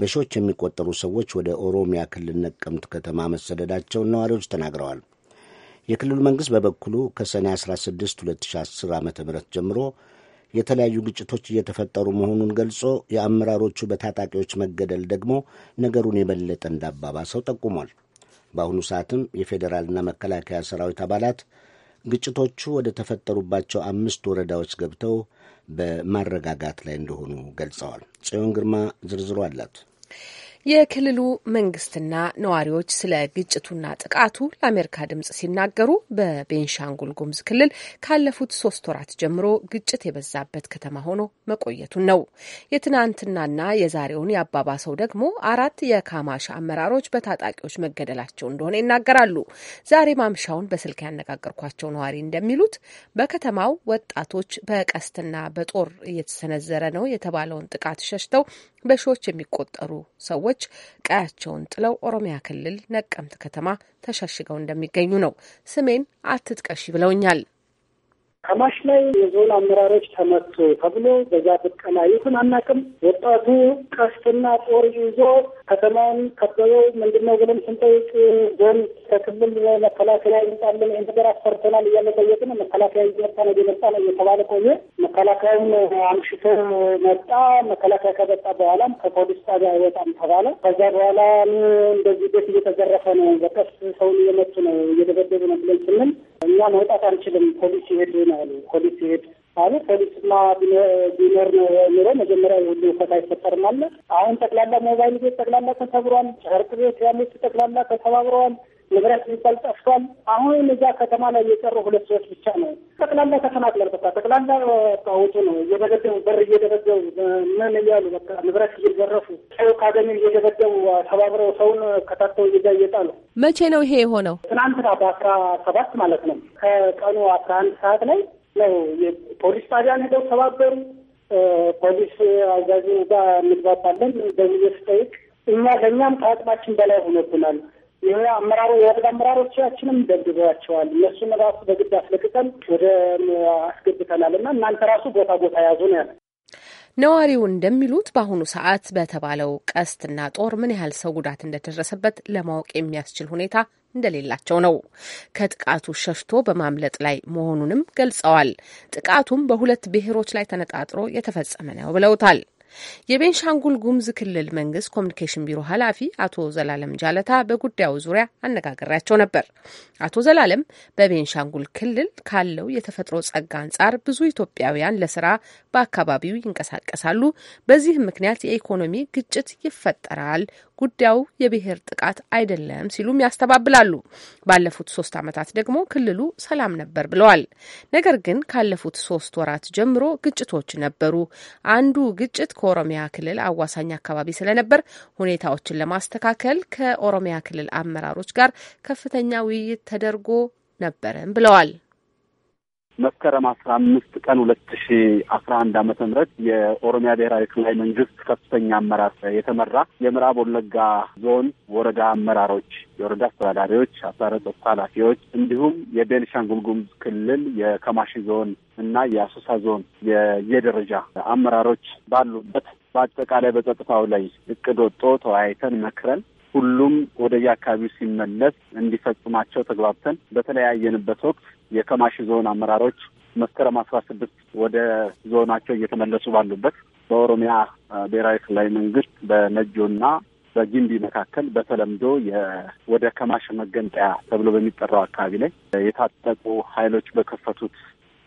በሺዎች የሚቆጠሩ ሰዎች ወደ ኦሮሚያ ክልል ነቀምት ከተማ መሰደዳቸውን ነዋሪዎች ተናግረዋል። የክልሉ መንግሥት በበኩሉ ከሰኔ 16 2010 ዓ ም ጀምሮ የተለያዩ ግጭቶች እየተፈጠሩ መሆኑን ገልጾ የአመራሮቹ በታጣቂዎች መገደል ደግሞ ነገሩን የበለጠ እንዳባባሰው ጠቁሟል። በአሁኑ ሰዓትም የፌዴራልና መከላከያ ሰራዊት አባላት ግጭቶቹ ወደ ተፈጠሩባቸው አምስት ወረዳዎች ገብተው በማረጋጋት ላይ እንደሆኑ ገልጸዋል። ጽዮን ግርማ ዝርዝሩ አላት። የክልሉ መንግስትና ነዋሪዎች ስለ ግጭቱና ጥቃቱ ለአሜሪካ ድምጽ ሲናገሩ በቤንሻንጉል ጉሙዝ ክልል ካለፉት ሶስት ወራት ጀምሮ ግጭት የበዛበት ከተማ ሆኖ መቆየቱን ነው። የትናንትናና የዛሬውን ያባባሰው ደግሞ አራት የካማሽ አመራሮች በታጣቂዎች መገደላቸው እንደሆነ ይናገራሉ። ዛሬ ማምሻውን በስልክ ያነጋገርኳቸው ነዋሪ እንደሚሉት በከተማው ወጣቶች በቀስትና በጦር እየተሰነዘረ ነው የተባለውን ጥቃት ሸሽተው በሺዎች የሚቆጠሩ ሰዎች ሰዎች ቀያቸውን ጥለው ኦሮሚያ ክልል ነቀምት ከተማ ተሸሽገው እንደሚገኙ ነው። ስሜን አትጥቀሺ ብለውኛል። ከማሽ ላይ የዞን አመራሮች ተመቶ ተብሎ በዛ ብቀላ ይሁን አናውቅም። ወጣቱ ቀስትና ጦር ይዞ ከተማውን ከበበው። ምንድነው ብለን ስንጠይቅ ዞን ከክልል መከላከያ ይምጣልን ይህን ነገር አስፈርተናል እያለ ጠየቅን። መከላከያ እየመጣ ነው እየመጣ ነው እየተባለ ቆየ። መከላከያም አምሽቶ መጣ። መከላከያ ከመጣ በኋላም ከፖሊስ ጣቢያ አይወጣም ተባለ። ከዛ በኋላ እንደዚህ ቤት እየተዘረፈ ነው፣ በቀስ ሰውን እየመጡ ነው፣ እየደበደቡ ነው ብለን ስንል እኛ መውጣት አንችልም፣ ፖሊስ ይሄድ ነው አሉ። ፖሊስ ይሄድ አሉ። ፖሊስማ ቢኖር ኑሮ መጀመሪያ ሁሉ ፈታ አይፈጠርም አለ። አሁን ጠቅላላ ሞባይል ቤት ጠቅላላ ተሰብሯል። ጨርቅ ቤት ያሉት ጠቅላላ ተሰባብረዋል። ንብረት ሚባል ጠፍቷል። አሁን እዛ ከተማ ላይ የቀሩ ሁለት ሰዎች ብቻ ነው። ጠቅላላ ተፈናቅሏል። በቃ ጠቅላላ ቃወጡ ነው እየደበደቡ በር እየደበደቡ ምን እያሉ በቃ ንብረት እየዘረፉ ሰው ካገኙ እየደበደቡ ተባብረው ሰውን ከታተው እዛ እየጣሉ። መቼ ነው ይሄ የሆነው? ትናንትና በአስራ ሰባት ማለት ነው ከቀኑ አስራ አንድ ሰዓት ላይ ነው የፖሊስ ጣቢያን ሄደው ተባበሩ። ፖሊስ አዛዥ ጋር እንግባባለን በጊዜ ስጠይቅ እኛ ለእኛም ከአቅማችን በላይ ሆኖብናል የአመራሩ የወረዳ አመራሮቻችንም ደብድበዋቸዋል። እነሱን ራሱ በግድ አስለቅቀን ወደ አስገብተናል እና እናንተ ራሱ ቦታ ቦታ ያዙ ነው ያለ። ነዋሪው እንደሚሉት በአሁኑ ሰዓት በተባለው ቀስትና ጦር ምን ያህል ሰው ጉዳት እንደደረሰበት ለማወቅ የሚያስችል ሁኔታ እንደሌላቸው ነው። ከጥቃቱ ሸሽቶ በማምለጥ ላይ መሆኑንም ገልጸዋል። ጥቃቱም በሁለት ብሔሮች ላይ ተነጣጥሮ የተፈጸመ ነው ብለውታል። የቤንሻንጉል ጉሙዝ ክልል መንግስት ኮሚኒኬሽን ቢሮ ኃላፊ አቶ ዘላለም ጃለታ በጉዳዩ ዙሪያ አነጋግሬያቸው ነበር። አቶ ዘላለም በቤንሻንጉል ክልል ካለው የተፈጥሮ ጸጋ አንጻር ብዙ ኢትዮጵያውያን ለስራ በአካባቢው ይንቀሳቀሳሉ። በዚህም ምክንያት የኢኮኖሚ ግጭት ይፈጠራል ጉዳዩ የብሔር ጥቃት አይደለም ሲሉም ያስተባብላሉ። ባለፉት ሶስት ዓመታት ደግሞ ክልሉ ሰላም ነበር ብለዋል። ነገር ግን ካለፉት ሶስት ወራት ጀምሮ ግጭቶች ነበሩ። አንዱ ግጭት ከኦሮሚያ ክልል አዋሳኝ አካባቢ ስለነበር ሁኔታዎችን ለማስተካከል ከኦሮሚያ ክልል አመራሮች ጋር ከፍተኛ ውይይት ተደርጎ ነበረም ብለዋል። መስከረም አስራ አምስት ቀን ሁለት ሺ አስራ አንድ አመተ ምህረት የኦሮሚያ ብሔራዊ ክልላዊ መንግስት ከፍተኛ አመራር የተመራ የምዕራብ ወለጋ ዞን ወረዳ አመራሮች፣ የወረዳ አስተዳዳሪዎች፣ አስራ ጸጥታ ኃላፊዎች እንዲሁም የቤኒሻንጉል ጉሙዝ ክልል የከማሺ ዞን እና የአሶሳ ዞን የየደረጃ አመራሮች ባሉበት በአጠቃላይ በጸጥታው ላይ እቅድ ወጦ ተወያይተን መክረን ሁሉም ወደ አካባቢው ሲመለስ እንዲፈጽማቸው ተግባብተን በተለያየንበት ወቅት የከማሽ ዞን አመራሮች መስከረም አስራ ስድስት ወደ ዞናቸው እየተመለሱ ባሉበት በኦሮሚያ ብሔራዊ ክልላዊ መንግስት በነጆና በጊምቢ መካከል በተለምዶ ወደ ከማሽ መገንጠያ ተብሎ በሚጠራው አካባቢ ላይ የታጠቁ ኃይሎች በከፈቱት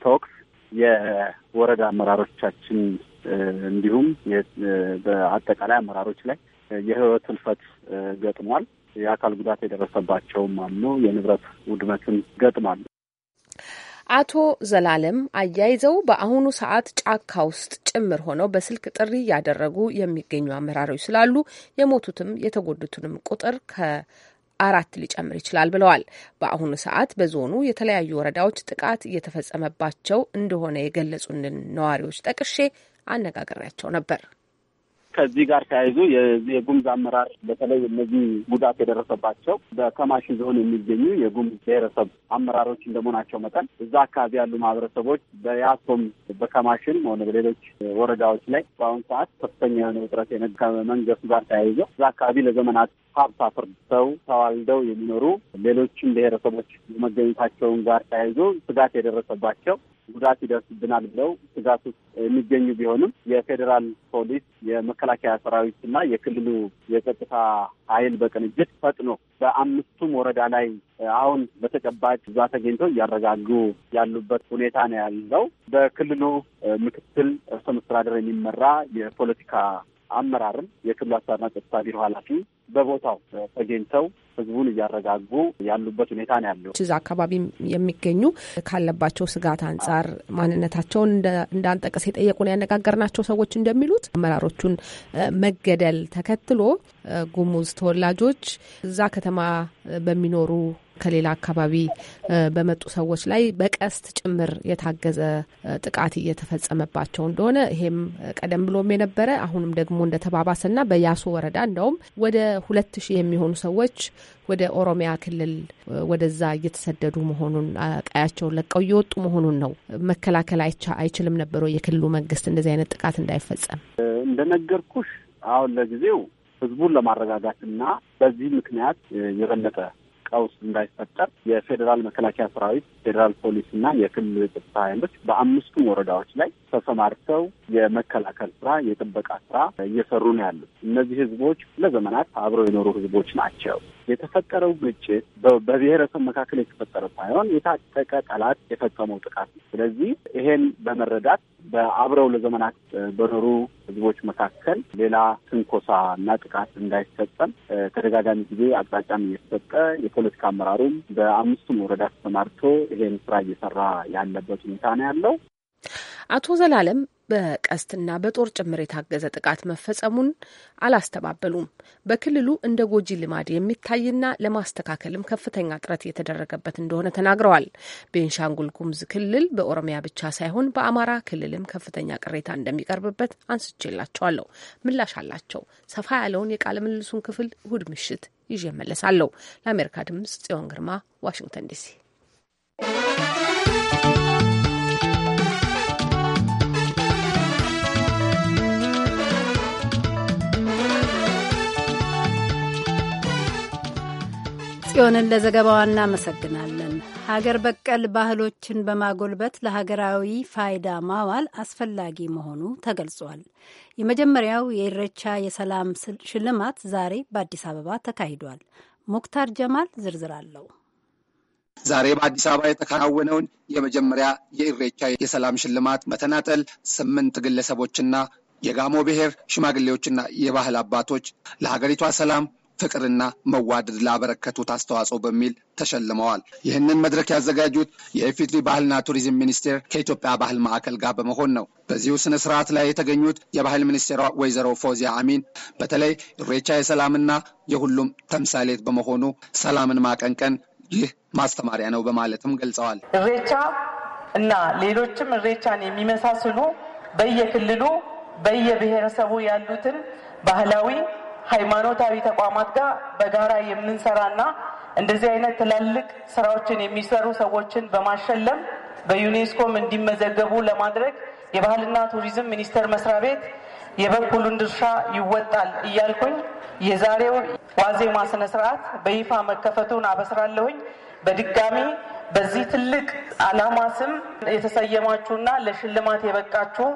ተኩስ የወረዳ አመራሮቻችን እንዲሁም በአጠቃላይ አመራሮች ላይ የህይወት ህልፈት ገጥሟል። የአካል ጉዳት የደረሰባቸውም አሉ። የንብረት ውድመትን ገጥሟል። አቶ ዘላለም አያይዘው በአሁኑ ሰዓት ጫካ ውስጥ ጭምር ሆነው በስልክ ጥሪ እያደረጉ የሚገኙ አመራሮች ስላሉ የሞቱትም የተጎዱትንም ቁጥር ከ አራት ሊጨምር ይችላል ብለዋል። በአሁኑ ሰዓት በዞኑ የተለያዩ ወረዳዎች ጥቃት እየተፈጸመባቸው እንደሆነ የገለጹንን ነዋሪዎች ጠቅሼ አነጋግሬያቸው ነበር። ከዚህ ጋር ተያይዞ የጉሙዝ አመራር በተለይ እነዚህ ጉዳት የደረሰባቸው በከማሽ ዞን የሚገኙ የጉሙዝ ብሔረሰብ አመራሮች እንደመሆናቸው መጠን እዛ አካባቢ ያሉ ማህበረሰቦች በያሶም በከማሽን ሆነ በሌሎች ወረዳዎች ላይ በአሁኑ ሰዓት ከፍተኛ የሆነ ውጥረት ከመንገሱ ጋር ተያይዞ እዛ አካባቢ ለዘመናት ሀብት አፍርተው ተዋልደው የሚኖሩ ሌሎችም ብሔረሰቦች መገኘታቸውን ጋር ተያይዞ ስጋት የደረሰባቸው ጉዳት ይደርስብናል ብለው ስጋት ውስጥ የሚገኙ ቢሆንም የፌዴራል ፖሊስ፣ የመከላከያ ሰራዊት እና የክልሉ የጸጥታ ኃይል በቅንጅት ፈጥኖ በአምስቱም ወረዳ ላይ አሁን በተጨባጭ እዛ ተገኝቶ እያረጋጉ ያሉበት ሁኔታ ነው ያለው። በክልሉ ምክትል ርዕሰ መስተዳደር የሚመራ የፖለቲካ አመራርም የክልሉ አስተዳደርና ጸጥታ ቢሮ ኃላፊ በቦታው ተገኝተው ህዝቡን እያረጋጉ ያሉበት ሁኔታ ነው ያለው። እዛ አካባቢ የሚገኙ ካለባቸው ስጋት አንጻር ማንነታቸውን እንዳንጠቀስ የጠየቁን ያነጋገርናቸው ሰዎች እንደሚሉት አመራሮቹን መገደል ተከትሎ ጉሙዝ ተወላጆች እዛ ከተማ በሚኖሩ ከሌላ አካባቢ በመጡ ሰዎች ላይ በቀስት ጭምር የታገዘ ጥቃት እየተፈጸመባቸው እንደሆነ ይሄም ቀደም ብሎም የነበረ አሁንም ደግሞ እንደተባባሰና በያሶ ወረዳ እንደውም ወደ ሁለት ሺህ የሚሆኑ ሰዎች ወደ ኦሮሚያ ክልል ወደዛ እየተሰደዱ መሆኑን ቀያቸውን ለቀው እየወጡ መሆኑን ነው። መከላከል አይችልም ነበረው የክልሉ መንግስት እንደዚህ አይነት ጥቃት እንዳይፈጸም እንደነገርኩሽ አሁን ለጊዜው ህዝቡን ለማረጋጋት እና በዚህ ምክንያት የበለጠ ቀውስ እንዳይፈጠር የፌዴራል መከላከያ ሰራዊት፣ ፌዴራል ፖሊስ እና የክልል ጸጥታ ኃይሎች በአምስቱም ወረዳዎች ላይ ተሰማርተው የመከላከል ስራ፣ የጥበቃ ስራ እየሰሩ ነው ያሉት። እነዚህ ህዝቦች ለዘመናት አብረው የኖሩ ህዝቦች ናቸው። የተፈጠረው ግጭት በብሔረሰብ መካከል የተፈጠረ ሳይሆን የታጠቀ ጠላት የፈጸመው ጥቃት ነው። ስለዚህ ይሄን በመረዳት በአብረው ለዘመናት በኖሩ ህዝቦች መካከል ሌላ ትንኮሳ እና ጥቃት እንዳይፈጸም ተደጋጋሚ ጊዜ አቅጣጫም እየተሰጠ የፖለቲካ አመራሩም በአምስቱም ወረዳ ተሰማርቶ ይሄን ስራ እየሰራ ያለበት ሁኔታ ነው ያለው። አቶ ዘላለም በቀስትና በጦር ጭምር የታገዘ ጥቃት መፈጸሙን አላስተባበሉም። በክልሉ እንደ ጎጂ ልማድ የሚታይና ለማስተካከልም ከፍተኛ ጥረት እየተደረገበት እንደሆነ ተናግረዋል። ቤንሻንጉል ጉምዝ ክልል በኦሮሚያ ብቻ ሳይሆን በአማራ ክልልም ከፍተኛ ቅሬታ እንደሚቀርብበት አንስቼላቸዋለሁ። ምላሽ አላቸው። ሰፋ ያለውን የቃለ ምልልሱን ክፍል እሁድ ምሽት ይዤ መለሳለሁ። ለአሜሪካ ድምጽ ጽዮን ግርማ ዋሽንግተን ዲሲ ጽዮንን ለዘገባዋ እናመሰግናለን። ሀገር በቀል ባህሎችን በማጎልበት ለሀገራዊ ፋይዳ ማዋል አስፈላጊ መሆኑ ተገልጿል። የመጀመሪያው የኢሬቻ የሰላም ሽልማት ዛሬ በአዲስ አበባ ተካሂዷል። ሙክታር ጀማል ዝርዝር አለው። ዛሬ በአዲስ አበባ የተከናወነውን የመጀመሪያ የኢሬቻ የሰላም ሽልማት በተናጠል ስምንት ግለሰቦችና የጋሞ ብሔር ሽማግሌዎችና የባህል አባቶች ለሀገሪቷ ሰላም ፍቅርና መዋደድ ላበረከቱት አስተዋጽኦ በሚል ተሸልመዋል። ይህንን መድረክ ያዘጋጁት የኢፌዴሪ ባህልና ቱሪዝም ሚኒስቴር ከኢትዮጵያ ባህል ማዕከል ጋር በመሆን ነው። በዚሁ ስነ ስርዓት ላይ የተገኙት የባህል ሚኒስቴሯ ወይዘሮ ፎዚያ አሚን በተለይ ሬቻ የሰላምና የሁሉም ተምሳሌት በመሆኑ ሰላምን ማቀንቀን ይህ ማስተማሪያ ነው በማለትም ገልጸዋል። እሬቻ እና ሌሎችም እሬቻን የሚመሳስሉ በየክልሉ በየብሔረሰቡ ያሉትን ባህላዊ ሃይማኖታዊ ተቋማት ጋር በጋራ የምንሰራና እንደዚህ አይነት ትላልቅ ስራዎችን የሚሰሩ ሰዎችን በማሸለም በዩኔስኮም እንዲመዘገቡ ለማድረግ የባህልና ቱሪዝም ሚኒስቴር መስሪያ ቤት የበኩሉን ድርሻ ይወጣል እያልኩኝ የዛሬው ዋዜማ ስነ ስርዓት በይፋ መከፈቱን አበስራለሁኝ። በድጋሚ በዚህ ትልቅ ዓላማ ስም የተሰየማችሁና ለሽልማት የበቃችሁ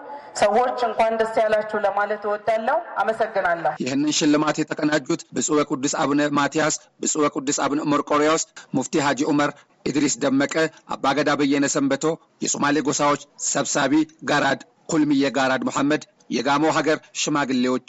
ሰዎች እንኳን ደስ ያላችሁ ለማለት እወዳለሁ። አመሰግናለሁ። ይህንን ሽልማት የተቀናጁት ብፁዕ ወቅዱስ አቡነ ማትያስ፣ ብፁዕ ወቅዱስ አቡነ መርቆሪዎስ፣ ሙፍቲ ሀጂ ዑመር ኢድሪስ ደመቀ፣ አባገዳ በየነ ሰንበቶ፣ የሶማሌ ጎሳዎች ሰብሳቢ ጋራድ ኩልሚየ ጋራድ መሐመድ፣ የጋሞ ሀገር ሽማግሌዎች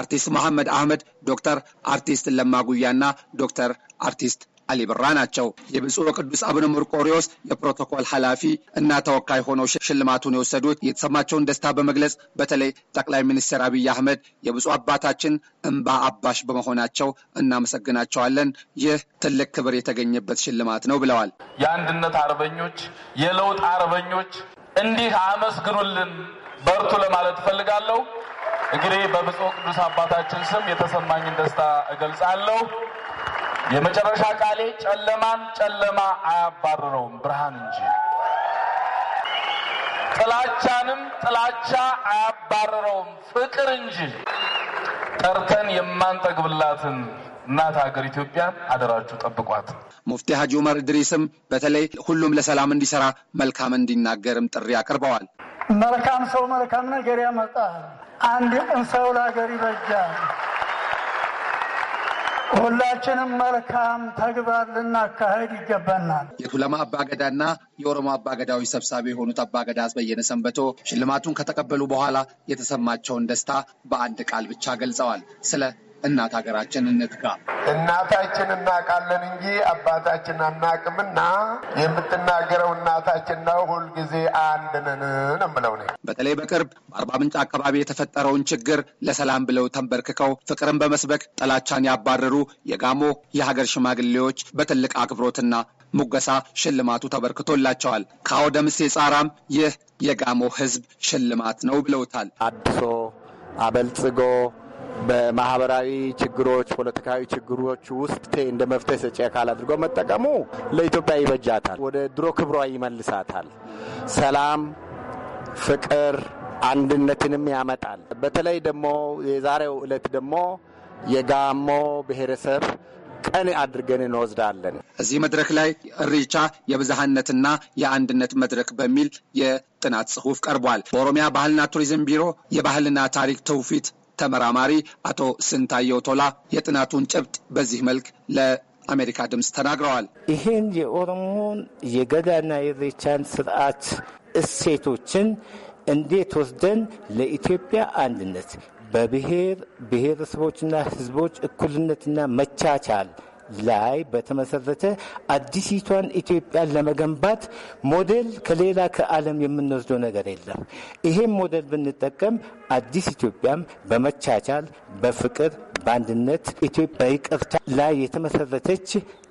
አርቲስት መሐመድ አህመድ፣ ዶክተር አርቲስት ለማጉያና ዶክተር አርቲስት አሊ ብራ ናቸው። የብፁዕ ቅዱስ አቡነ መርቆሪዎስ የፕሮቶኮል ኃላፊ እና ተወካይ ሆነው ሽልማቱን የወሰዱት የተሰማቸውን ደስታ በመግለጽ በተለይ ጠቅላይ ሚኒስትር አብይ አህመድ የብፁዕ አባታችን እምባ አባሽ በመሆናቸው እናመሰግናቸዋለን። ይህ ትልቅ ክብር የተገኘበት ሽልማት ነው ብለዋል። የአንድነት አርበኞች፣ የለውጥ አርበኞች እንዲህ አመስግኑልን፣ በርቱ ለማለት እፈልጋለሁ። እንግዲህ በብፁዕ ቅዱስ አባታችን ስም የተሰማኝን ደስታ እገልጻለሁ። የመጨረሻ ቃሌ ጨለማን ጨለማ አያባረረውም፣ ብርሃን እንጂ። ጥላቻንም ጥላቻ አያባረረውም፣ ፍቅር እንጂ። ጠርተን የማንጠግብላትን እናት ሀገር ኢትዮጵያን አደራችሁ ጠብቋት። ሙፍቲ ሀጂ ኡመር እድሪስም በተለይ ሁሉም ለሰላም እንዲሰራ መልካም እንዲናገርም ጥሪ አቅርበዋል። መልካም ሰው መልካም ነገር ያመጣል። አንድ ቅን ሰው ለሀገር ይበጃል። ሁላችንም መልካም ተግባር ልናካሄድ ይገባናል። የቱለማ አባገዳና የኦሮሞ አባገዳዊ ሰብሳቢ የሆኑት አባገዳ አስበየነ ሰንበቶ ሽልማቱን ከተቀበሉ በኋላ የተሰማቸውን ደስታ በአንድ ቃል ብቻ ገልጸዋል። ስለ እናት ሀገራችን እንትጋ። እናታችን እናውቃለን እንጂ አባታችን አናቅምና የምትናገረው እናታችን ነው። ሁልጊዜ አንድ ነን ነው የምለው ነ በተለይ በቅርብ በአርባ ምንጭ አካባቢ የተፈጠረውን ችግር ለሰላም ብለው ተንበርክከው ፍቅርን በመስበክ ጥላቻን ያባረሩ የጋሞ የሀገር ሽማግሌዎች በትልቅ አክብሮትና ሙገሳ ሽልማቱ ተበርክቶላቸዋል። ከአውደ ጻራም ይህ የጋሞ ህዝብ ሽልማት ነው ብለውታል። አድሶ አበልጽጎ በማህበራዊ ችግሮች፣ ፖለቲካዊ ችግሮች ውስጥ እንደ መፍትሄ ሰጪ አካል አድርጎ መጠቀሙ ለኢትዮጵያ ይበጃታል። ወደ ድሮ ክብሯ ይመልሳታል። ሰላም፣ ፍቅር፣ አንድነትንም ያመጣል። በተለይ ደግሞ የዛሬው ዕለት ደግሞ የጋሞ ብሔረሰብ ቀን አድርገን እንወስዳለን። እዚህ መድረክ ላይ እሬቻ የብዝሃነትና የአንድነት መድረክ በሚል የጥናት ጽሑፍ ቀርቧል። በኦሮሚያ ባህልና ቱሪዝም ቢሮ የባህልና ታሪክ ትውፊት ተመራማሪ አቶ ስንታየው ቶላ የጥናቱን ጭብጥ በዚህ መልክ ለአሜሪካ ድምፅ ተናግረዋል። ይህን የኦሮሞን የገዳና የሬቻን ስርዓት እሴቶችን እንዴት ወስደን ለኢትዮጵያ አንድነት በብሔር ብሔረሰቦችና ሕዝቦች እኩልነትና መቻቻል ላይ በተመሰረተ አዲሲቷን ኢትዮጵያን ለመገንባት ሞዴል ከሌላ ከዓለም የምንወስደው ነገር የለም። ይሄም ሞዴል ብንጠቀም አዲስ ኢትዮጵያም በመቻቻል በፍቅር በአንድነት ኢትዮጵያ ይቅርታ ላይ የተመሰረተች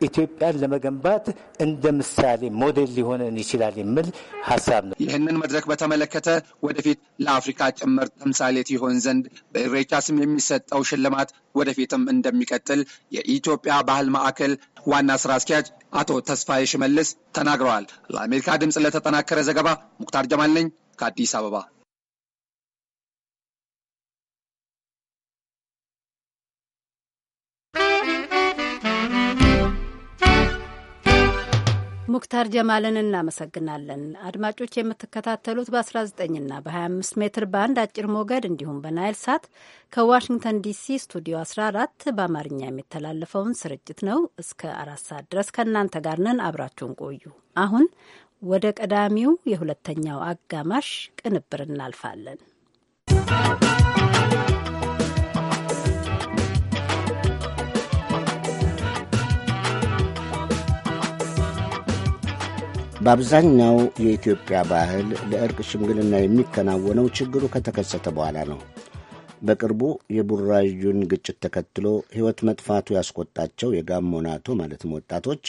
ኢትዮጵያን ለመገንባት እንደ ምሳሌ ሞዴል ሊሆነን ይችላል የሚል ሀሳብ ነው። ይህንን መድረክ በተመለከተ ወደፊት ለአፍሪካ ጭምር ተምሳሌት ይሆን ዘንድ በኢሬቻ ስም የሚሰጠው ሽልማት ወደፊትም እንደሚቀጥል የኢትዮጵያ ባህል ማዕከል ዋና ስራ አስኪያጅ አቶ ተስፋዬ ሽመልስ ተናግረዋል። ለአሜሪካ ድምፅ ለተጠናከረ ዘገባ ሙክታር ጀማል ነኝ ከአዲስ አበባ። ሙክታር ጀማልን እናመሰግናለን። አድማጮች የምትከታተሉት በ19ና በ25 ሜትር ባንድ አጭር ሞገድ እንዲሁም በናይል ሳት ከዋሽንግተን ዲሲ ስቱዲዮ 14 በአማርኛ የሚተላለፈውን ስርጭት ነው። እስከ አራት ሰዓት ድረስ ከእናንተ ጋር ነን። አብራችሁን ቆዩ። አሁን ወደ ቀዳሚው የሁለተኛው አጋማሽ ቅንብር እናልፋለን። በአብዛኛው የኢትዮጵያ ባህል ለእርቅ ሽምግልና የሚከናወነው ችግሩ ከተከሰተ በኋላ ነው። በቅርቡ የቡራዩን ግጭት ተከትሎ ሕይወት መጥፋቱ ያስቆጣቸው የጋሞ ናቶ ማለትም ወጣቶች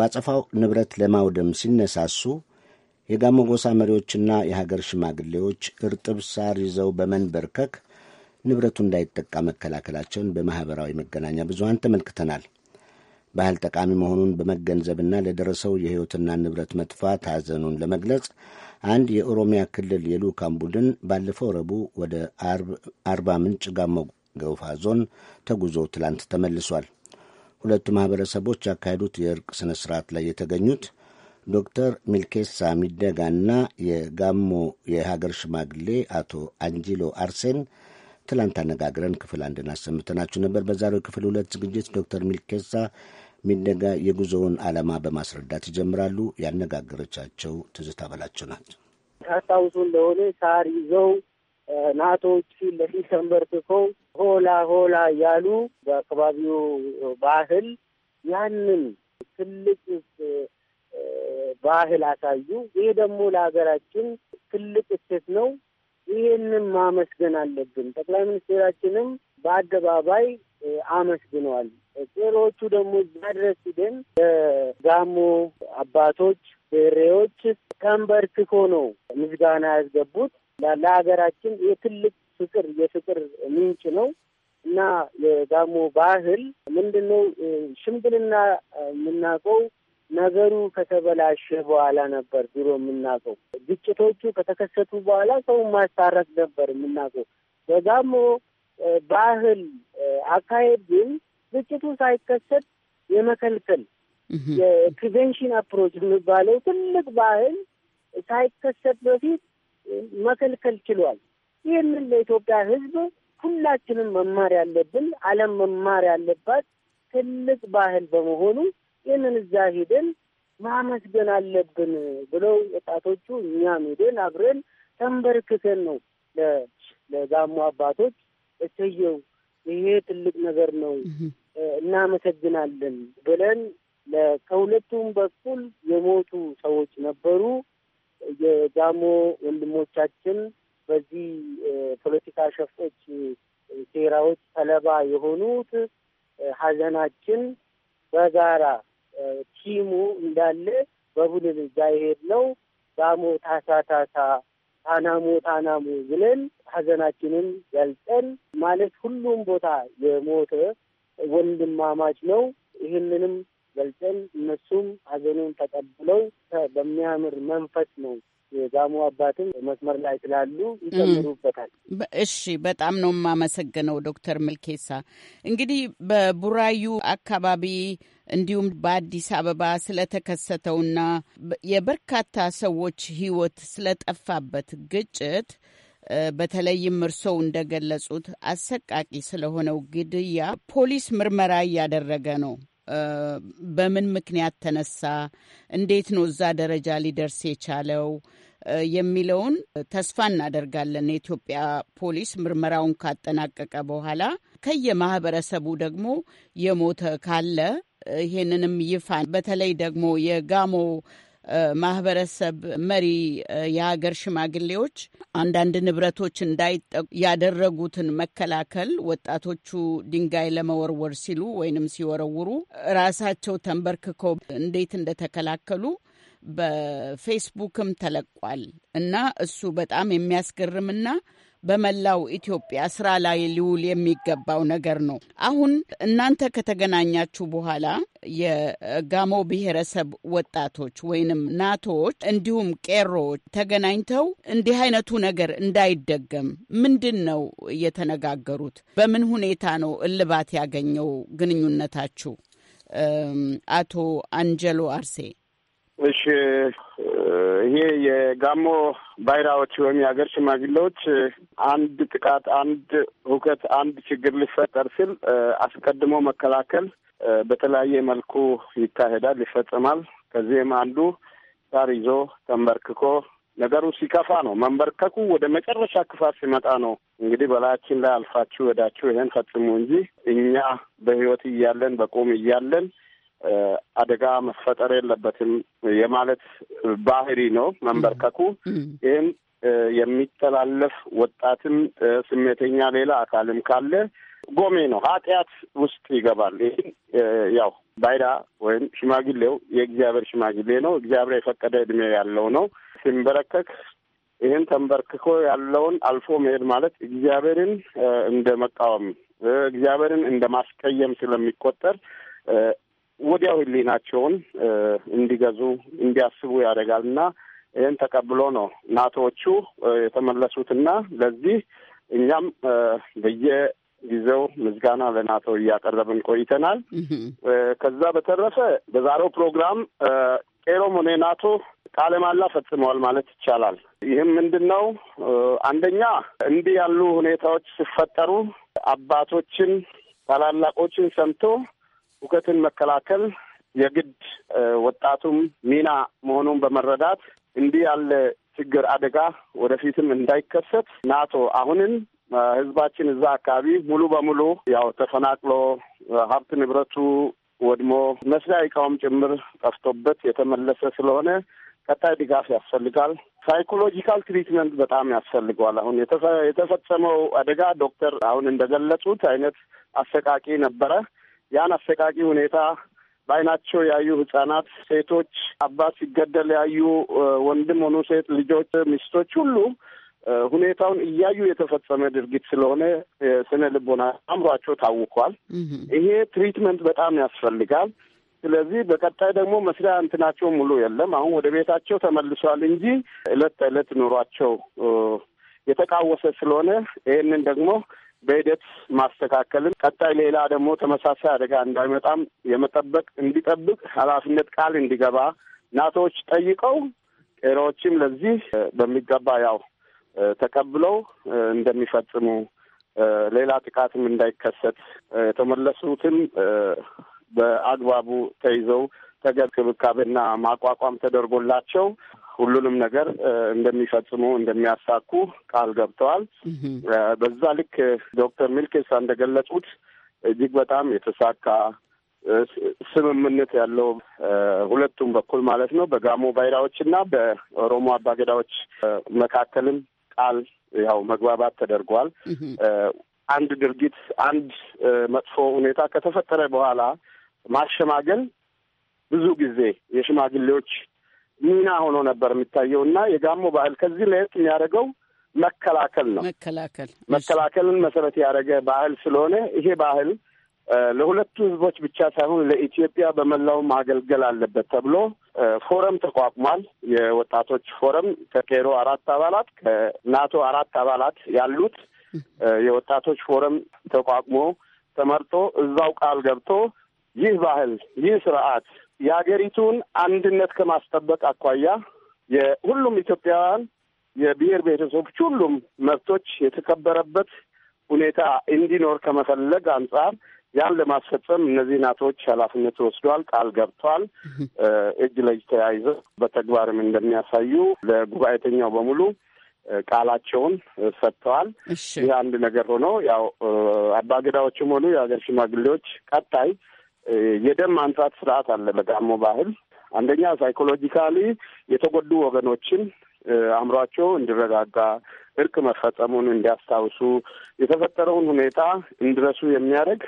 ባጸፋው ንብረት ለማውደም ሲነሳሱ የጋሞ ጎሳ መሪዎችና የሀገር ሽማግሌዎች እርጥብ ሳር ይዘው በመንበርከክ ንብረቱ እንዳይጠቃ መከላከላቸውን በማኅበራዊ መገናኛ ብዙሃን ተመልክተናል። ባህል ጠቃሚ መሆኑን በመገንዘብና ለደረሰው የሕይወትና ንብረት መጥፋት ሐዘኑን ለመግለጽ አንድ የኦሮሚያ ክልል የልዑካን ቡድን ባለፈው ረቡዕ ወደ አርባ ምንጭ ጋሞ ገውፋ ዞን ተጉዞ ትላንት ተመልሷል። ሁለቱ ማኅበረሰቦች ያካሄዱት የእርቅ ሥነ ሥርዓት ላይ የተገኙት ዶክተር ሚልኬሳ ሚደጋና የጋሞ የሀገር ሽማግሌ አቶ አንጂሎ አርሴን ትላንት አነጋግረን ክፍል አንድን አሰምተናችሁ ነበር። በዛሬው ክፍል ሁለት ዝግጅት ዶክተር ሚልኬሳ ሚነጋ የጉዞውን ዓላማ በማስረዳት ይጀምራሉ። ያነጋገረቻቸው ትዝታ በላቸው ናት። ካስታውሱ እንደሆነ ሳር ይዘው ናቶች ፊት ለፊት ተንበርክከው ሆላ ሆላ እያሉ በአካባቢው ባህል ያንን ትልቅ ባህል አሳዩ። ይሄ ደግሞ ለሀገራችን ትልቅ እሴት ነው። ይሄንን ማመስገን አለብን። ጠቅላይ ሚኒስትራችንም በአደባባይ አመስግነዋል። ቄሮቹ ደግሞ እዛ ድረስ ሂደን ጋሞ አባቶች ሬዎች ተንበርክኮ ነው ምስጋና ያስገቡት። ለሀገራችን የትልቅ ፍቅር የፍቅር ምንጭ ነው እና የጋሞ ባህል ምንድን ነው? ሽምግልና የምናውቀው ነገሩ ከተበላሸ በኋላ ነበር። ድሮ የምናውቀው ግጭቶቹ ከተከሰቱ በኋላ ሰው ማስታረቅ ነበር የምናውቀው። በጋሞ ባህል፣ አካሄድ ግን ግጭቱ ሳይከሰት የመከልከል የፕሪቬንሽን አፕሮች የሚባለው ትልቅ ባህል ሳይከሰት በፊት መከልከል ችሏል። ይህንን ለኢትዮጵያ ሕዝብ ሁላችንም መማር ያለብን ዓለም መማር ያለባት ትልቅ ባህል በመሆኑ ይህንን እዛ ሂደን ማመስገን አለብን ብለው ወጣቶቹ እኛም ሄደን አብረን ተንበርክከን ነው ለጋሞ አባቶች እሰየው ይሄ ትልቅ ነገር ነው እናመሰግናለን ብለን ከሁለቱም በኩል የሞቱ ሰዎች ነበሩ። የጋሞ ወንድሞቻችን በዚህ ፖለቲካ ሸፍጦች ሴራዎች ሰለባ የሆኑት ሀዘናችን በጋራ ቲሙ እንዳለ በቡድን እዛ ነው ጋሞ ታሳ ታሳ ጣናሞ ጣናሞ ብለን ሀዘናችንን ገልጠን ማለት ሁሉም ቦታ የሞተ ወንድማማች ነው። ይህንንም ገልጠን እነሱም ሀዘኑን ተቀብለው በሚያምር መንፈስ ነው የጋሞ አባትም መስመር ላይ ስላሉ ይጨምሩበታል። እሺ፣ በጣም ነው የማመሰግነው ዶክተር ምልኬሳ። እንግዲህ በቡራዩ አካባቢ እንዲሁም በአዲስ አበባ ስለተከሰተውና የበርካታ ሰዎች ሕይወት ስለጠፋበት ግጭት በተለይም እርስዎ እንደገለጹት አሰቃቂ ስለሆነው ግድያ ፖሊስ ምርመራ እያደረገ ነው። በምን ምክንያት ተነሳ? እንዴት ነው እዛ ደረጃ ሊደርስ የቻለው? የሚለውን ተስፋ እናደርጋለን። የኢትዮጵያ ፖሊስ ምርመራውን ካጠናቀቀ በኋላ ከየማህበረሰቡ ደግሞ የሞተ ካለ ይሄንንም ይፋ በተለይ ደግሞ የጋሞ ማህበረሰብ መሪ የሀገር ሽማግሌዎች አንዳንድ ንብረቶች እንዳይጠቁ ያደረጉትን መከላከል ወጣቶቹ ድንጋይ ለመወርወር ሲሉ ወይንም ሲወረውሩ ራሳቸው ተንበርክከው እንዴት እንደተከላከሉ በፌስቡክም ተለቋል እና እሱ በጣም የሚያስገርምና በመላው ኢትዮጵያ ስራ ላይ ሊውል የሚገባው ነገር ነው። አሁን እናንተ ከተገናኛችሁ በኋላ የጋሞ ብሔረሰብ ወጣቶች ወይንም ናቶዎች እንዲሁም ቄሮዎች ተገናኝተው እንዲህ አይነቱ ነገር እንዳይደገም ምንድን ነው እየተነጋገሩት? በምን ሁኔታ ነው እልባት ያገኘው ግንኙነታችሁ? አቶ አንጀሎ አርሴ እሺ ይሄ የጋሞ ባይራዎች ወይም የሀገር ሽማግሌዎች አንድ ጥቃት፣ አንድ ሁከት፣ አንድ ችግር ሊፈጠር ሲል አስቀድሞ መከላከል በተለያየ መልኩ ይካሄዳል፣ ይፈጽማል። ከዚህም አንዱ ሳር ይዞ ተንበርክኮ ነገሩ ሲከፋ ነው። መንበርከኩ ወደ መጨረሻ ክፋት ሲመጣ ነው እንግዲህ በላያችን ላይ አልፋችሁ ወዳችሁ ይሄን ፈጽሙ እንጂ እኛ በህይወት እያለን በቁም እያለን አደጋ መፈጠር የለበትም የማለት ባህሪ ነው መንበርከኩ። ይህም የሚተላለፍ ወጣትም ስሜተኛ ሌላ አካልም ካለ ጎሜ ነው ኃጢአት ውስጥ ይገባል። ይህ ያው ባይዳ ወይም ሽማግሌው የእግዚአብሔር ሽማግሌ ነው። እግዚአብሔር የፈቀደ እድሜ ያለው ነው። ሲንበረከክ ይህን ተንበርክኮ ያለውን አልፎ መሄድ ማለት እግዚአብሔርን እንደ መቃወም፣ እግዚአብሔርን እንደ ማስቀየም ስለሚቆጠር ወዲያው ህሊናቸውን እንዲገዙ እንዲያስቡ ያደርጋል እና ይህን ተቀብሎ ነው ናቶዎቹ የተመለሱትና ለዚህ እኛም በየጊዜው ምዝጋና ለናቶ እያቀረብን ቆይተናል። ከዛ በተረፈ በዛሬው ፕሮግራም ቄሮም ሆነ ናቶ ቃለ መሃላ ፈጽመዋል ማለት ይቻላል። ይህም ምንድን ነው? አንደኛ እንዲህ ያሉ ሁኔታዎች ሲፈጠሩ አባቶችን ታላላቆችን ሰምቶ ሁከትን መከላከል የግድ ወጣቱም ሚና መሆኑን በመረዳት እንዲህ ያለ ችግር አደጋ ወደፊትም እንዳይከሰት ናቶ አሁንም ህዝባችን እዛ አካባቢ ሙሉ በሙሉ ያው ተፈናቅሎ ሀብት ንብረቱ ወድሞ መስሪያ እቃውም ጭምር ጠፍቶበት የተመለሰ ስለሆነ ቀጣይ ድጋፍ ያስፈልጋል። ሳይኮሎጂካል ትሪትመንት በጣም ያስፈልገዋል። አሁን የተፈጸመው አደጋ ዶክተር አሁን እንደገለጹት አይነት አሰቃቂ ነበረ። ያን አሰቃቂ ሁኔታ በአይናቸው ያዩ ህጻናት፣ ሴቶች፣ አባት ሲገደል ያዩ ወንድም ሆኑ ሴት ልጆች፣ ሚስቶች ሁሉ ሁኔታውን እያዩ የተፈጸመ ድርጊት ስለሆነ ስነ ልቦና አእምሯቸው ታውቋል። ይሄ ትሪትመንት በጣም ያስፈልጋል። ስለዚህ በቀጣይ ደግሞ መስሪያ እንትናቸው ሙሉ የለም። አሁን ወደ ቤታቸው ተመልሷል እንጂ እለት ተዕለት ኑሯቸው የተቃወሰ ስለሆነ ይህንን ደግሞ በሂደት ማስተካከልን ቀጣይ ሌላ ደግሞ ተመሳሳይ አደጋ እንዳይመጣም የመጠበቅ እንዲጠብቅ ኃላፊነት ቃል እንዲገባ ናቶዎች ጠይቀው ቄሮዎችም ለዚህ በሚገባ ያው ተቀብለው እንደሚፈጽሙ ሌላ ጥቃትም እንዳይከሰት የተመለሱትም በአግባቡ ተይዘው ተገቢ ክብካቤና ማቋቋም ተደርጎላቸው ሁሉንም ነገር እንደሚፈጽሙ እንደሚያሳኩ ቃል ገብተዋል። በዛ ልክ ዶክተር ሚልኬሳ እንደገለጹት እጅግ በጣም የተሳካ ስምምነት ያለው ሁለቱም በኩል ማለት ነው በጋሞ ባይራዎች እና በኦሮሞ አባገዳዎች መካከልም ቃል ያው መግባባት ተደርጓል። አንድ ድርጊት አንድ መጥፎ ሁኔታ ከተፈጠረ በኋላ ማሸማገል ብዙ ጊዜ የሽማግሌዎች ሚና ሆኖ ነበር የሚታየው እና የጋሞ ባህል ከዚህ ለየት የሚያደርገው መከላከል ነው። መከላከል መከላከልን መሰረት ያደረገ ባህል ስለሆነ ይሄ ባህል ለሁለቱ ህዝቦች ብቻ ሳይሆን ለኢትዮጵያ በመላው ማገልገል አለበት ተብሎ ፎረም ተቋቁሟል። የወጣቶች ፎረም ከቄሮ አራት አባላት ከናቶ አራት አባላት ያሉት የወጣቶች ፎረም ተቋቁሞ ተመርጦ እዛው ቃል ገብቶ ይህ ባህል ይህ ስርዓት የሀገሪቱን አንድነት ከማስጠበቅ አኳያ የሁሉም ኢትዮጵያውያን የብሔር ብሔረሰቦች ሁሉም መብቶች የተከበረበት ሁኔታ እንዲኖር ከመፈለግ አንጻር ያን ለማስፈጸም እነዚህ ናቶች ኃላፊነት ወስደዋል፣ ቃል ገብቷል። እጅ ለእጅ ተያይዘው በተግባርም እንደሚያሳዩ ለጉባኤተኛው በሙሉ ቃላቸውን ሰጥተዋል። ይህ አንድ ነገር ሆኖ ያው አባገዳዎችም ሆኑ የሀገር ሽማግሌዎች ቀጣይ የደም ማንሳት ስርዓት አለ በጋሞ ባህል። አንደኛ ሳይኮሎጂካሊ የተጎዱ ወገኖችን አእምሯቸው እንዲረጋጋ እርቅ መፈጸሙን እንዲያስታውሱ የተፈጠረውን ሁኔታ እንድረሱ የሚያደርግ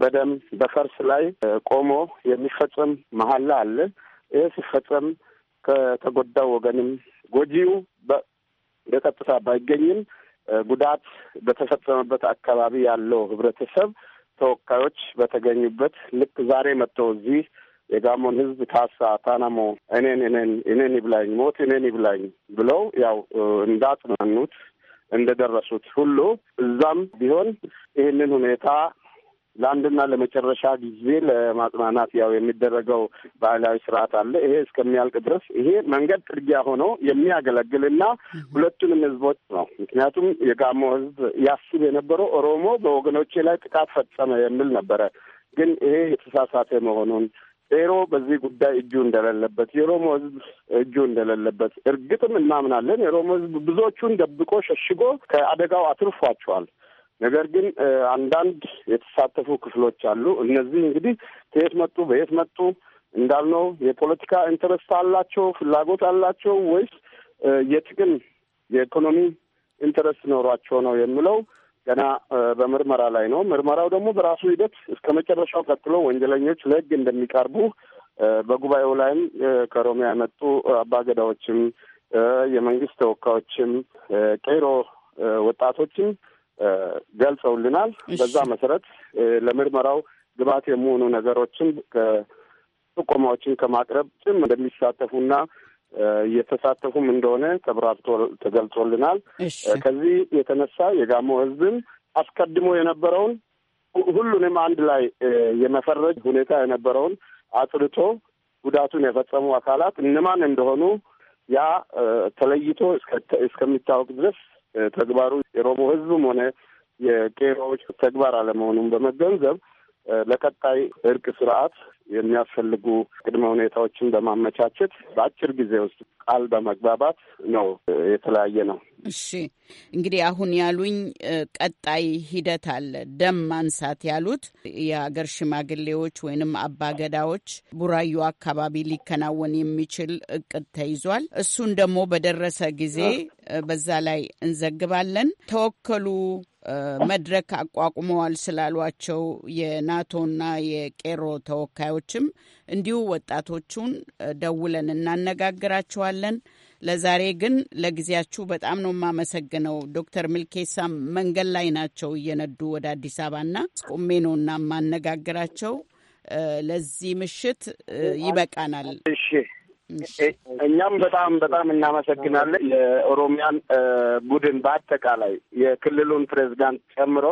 በደም በፈርስ ላይ ቆሞ የሚፈጸም መሀላ አለ። ይህ ሲፈጸም ከተጎዳው ወገንም ጎጂው በቀጥታ ባይገኝም ጉዳት በተፈጸመበት አካባቢ ያለው ህብረተሰብ ተወካዮች በተገኙበት ልክ ዛሬ መጥተው እዚህ የጋሞን ህዝብ ታሳ ታናሞ እኔን እኔን እኔን ይብላኝ ሞት እኔን ይብላኝ ብለው ያው እንዳጽናኑት እንደደረሱት ሁሉ እዛም ቢሆን ይህንን ሁኔታ ለአንድና ለመጨረሻ ጊዜ ለማጽናናት ያው የሚደረገው ባህላዊ ስርዓት አለ። ይሄ እስከሚያልቅ ድረስ ይሄ መንገድ ጥርጊያ ሆኖ የሚያገለግልና ሁለቱንም ህዝቦች ነው። ምክንያቱም የጋሞ ህዝብ ያስብ የነበረው ኦሮሞ በወገኖቼ ላይ ጥቃት ፈጸመ የሚል ነበረ። ግን ይሄ የተሳሳተ መሆኑን ሮ በዚህ ጉዳይ እጁ እንደሌለበት የኦሮሞ ህዝብ እጁ እንደሌለበት እርግጥም እናምናለን። የኦሮሞ ህዝብ ብዙዎቹን ደብቆ ሸሽጎ ከአደጋው አትርፏቸዋል። ነገር ግን አንዳንድ የተሳተፉ ክፍሎች አሉ። እነዚህ እንግዲህ ከየት መጡ፣ በየት መጡ እንዳልነው የፖለቲካ ኢንተረስት አላቸው፣ ፍላጎት አላቸው ወይስ የጥቅም የኢኮኖሚ ኢንተረስት ኖሯቸው ነው የሚለው ገና በምርመራ ላይ ነው። ምርመራው ደግሞ በራሱ ሂደት እስከ መጨረሻው ቀጥሎ ወንጀለኞች ለሕግ እንደሚቀርቡ በጉባኤው ላይም ከኦሮሚያ የመጡ አባገዳዎችም የመንግስት ተወካዮችም ቄሮ ወጣቶችም ገልጸውልናል። በዛ መሰረት ለምርመራው ግብዓት የሚሆኑ ነገሮችን ጥቆማዎችን ከማቅረብ ጭም እንደሚሳተፉና እየተሳተፉም እንደሆነ ተብራርቶ ተገልጾልናል። ከዚህ የተነሳ የጋሞ ሕዝብም አስቀድሞ የነበረውን ሁሉንም አንድ ላይ የመፈረጅ ሁኔታ የነበረውን አጥርቶ ጉዳቱን የፈጸሙ አካላት እነማን እንደሆኑ ያ ተለይቶ እስከሚታወቅ ድረስ ተግባሩ የኦሮሞ ህዝብም ሆነ የቄሮዎች ተግባር አለመሆኑን በመገንዘብ ለቀጣይ እርቅ ስርዓት የሚያስፈልጉ ቅድመ ሁኔታዎችን በማመቻቸት በአጭር ጊዜ ውስጥ ቃል በመግባባት ነው የተለያየ ነው። እሺ እንግዲህ አሁን ያሉኝ ቀጣይ ሂደት አለ። ደም ማንሳት ያሉት የሀገር ሽማግሌዎች ወይንም አባገዳዎች ቡራዩ አካባቢ ሊከናወን የሚችል እቅድ ተይዟል። እሱን ደግሞ በደረሰ ጊዜ በዛ ላይ እንዘግባለን። ተወከሉ መድረክ አቋቁመዋል ስላሏቸው የናቶና የቄሮ ተወካዮችም እንዲሁ ወጣቶቹን ደውለን እናነጋግራቸዋለን። ለዛሬ ግን ለጊዜያችሁ በጣም ነው የማመሰግነው። ዶክተር ሚልኬሳ መንገድ ላይ ናቸው እየነዱ ወደ አዲስ አበባና ስቆሜ ነው እና የማነጋግራቸው። ለዚህ ምሽት ይበቃናል። እሺ እኛም በጣም በጣም እናመሰግናለን የኦሮሚያን ቡድን በአጠቃላይ የክልሉን ፕሬዚዳንት ጨምሮ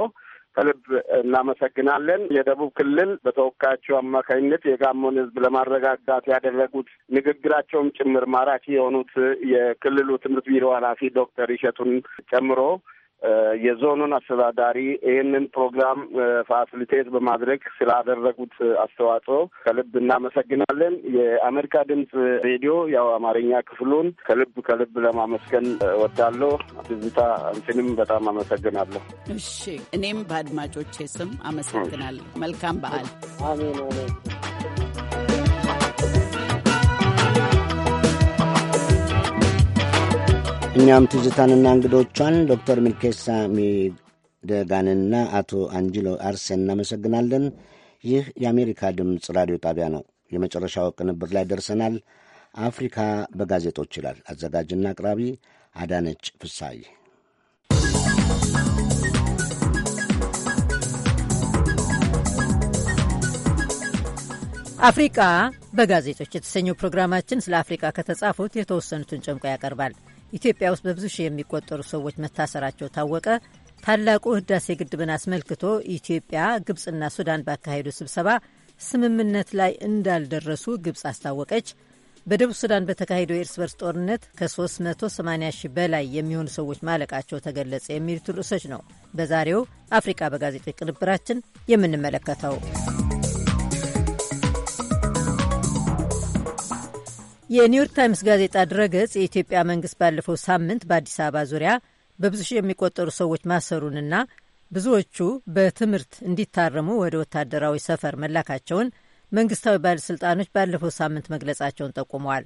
ከልብ እናመሰግናለን። የደቡብ ክልል በተወካያቸው አማካኝነት የጋሞን ሕዝብ ለማረጋጋት ያደረጉት ንግግራቸውም ጭምር ማራኪ የሆኑት የክልሉ ትምህርት ቢሮ ኃላፊ ዶክተር ይሸቱን ጨምሮ የዞኑን አስተዳዳሪ ይህንን ፕሮግራም ፋሲሊቴት በማድረግ ስላደረጉት አስተዋጽኦ ከልብ እናመሰግናለን። የአሜሪካ ድምፅ ሬዲዮ ያው አማርኛ ክፍሉን ከልብ ከልብ ለማመስገን ወዳለሁ። ትዝታ አንቺንም በጣም አመሰግናለሁ። እሺ፣ እኔም በአድማጮቼ ስም አመሰግናለሁ። መልካም በዓል። አሜን። እኛም ትዝታንና እንግዶቿን ዶክተር ሚልኬሳ ሚደጋንና አቶ አንጅሎ አርሴ እናመሰግናለን። ይህ የአሜሪካ ድምፅ ራዲዮ ጣቢያ ነው። የመጨረሻው ቅንብር ላይ ደርሰናል። አፍሪካ በጋዜጦች ይላል። አዘጋጅና አቅራቢ አዳነች ፍሳይ አፍሪቃ በጋዜጦች የተሰኘው ፕሮግራማችን ስለ አፍሪቃ ከተጻፉት የተወሰኑትን ጨምቆ ያቀርባል። ኢትዮጵያ ውስጥ በብዙ ሺህ የሚቆጠሩ ሰዎች መታሰራቸው ታወቀ። ታላቁ ህዳሴ ግድብን አስመልክቶ ኢትዮጵያ፣ ግብፅና ሱዳን ባካሄዱ ስብሰባ ስምምነት ላይ እንዳልደረሱ ግብፅ አስታወቀች። በደቡብ ሱዳን በተካሄደው የእርስ በርስ ጦርነት ከ380 ሺህ በላይ የሚሆኑ ሰዎች ማለቃቸው ተገለጸ። የሚሉት ርዕሶች ነው በዛሬው አፍሪቃ በጋዜጦች ቅንብራችን የምንመለከተው። የኒውዮርክ ታይምስ ጋዜጣ ድረገጽ የኢትዮጵያ መንግስት ባለፈው ሳምንት በአዲስ አበባ ዙሪያ በብዙ ሺህ የሚቆጠሩ ሰዎች ማሰሩንና ብዙዎቹ በትምህርት እንዲታረሙ ወደ ወታደራዊ ሰፈር መላካቸውን መንግስታዊ ባለሥልጣኖች ባለፈው ሳምንት መግለጻቸውን ጠቁመዋል።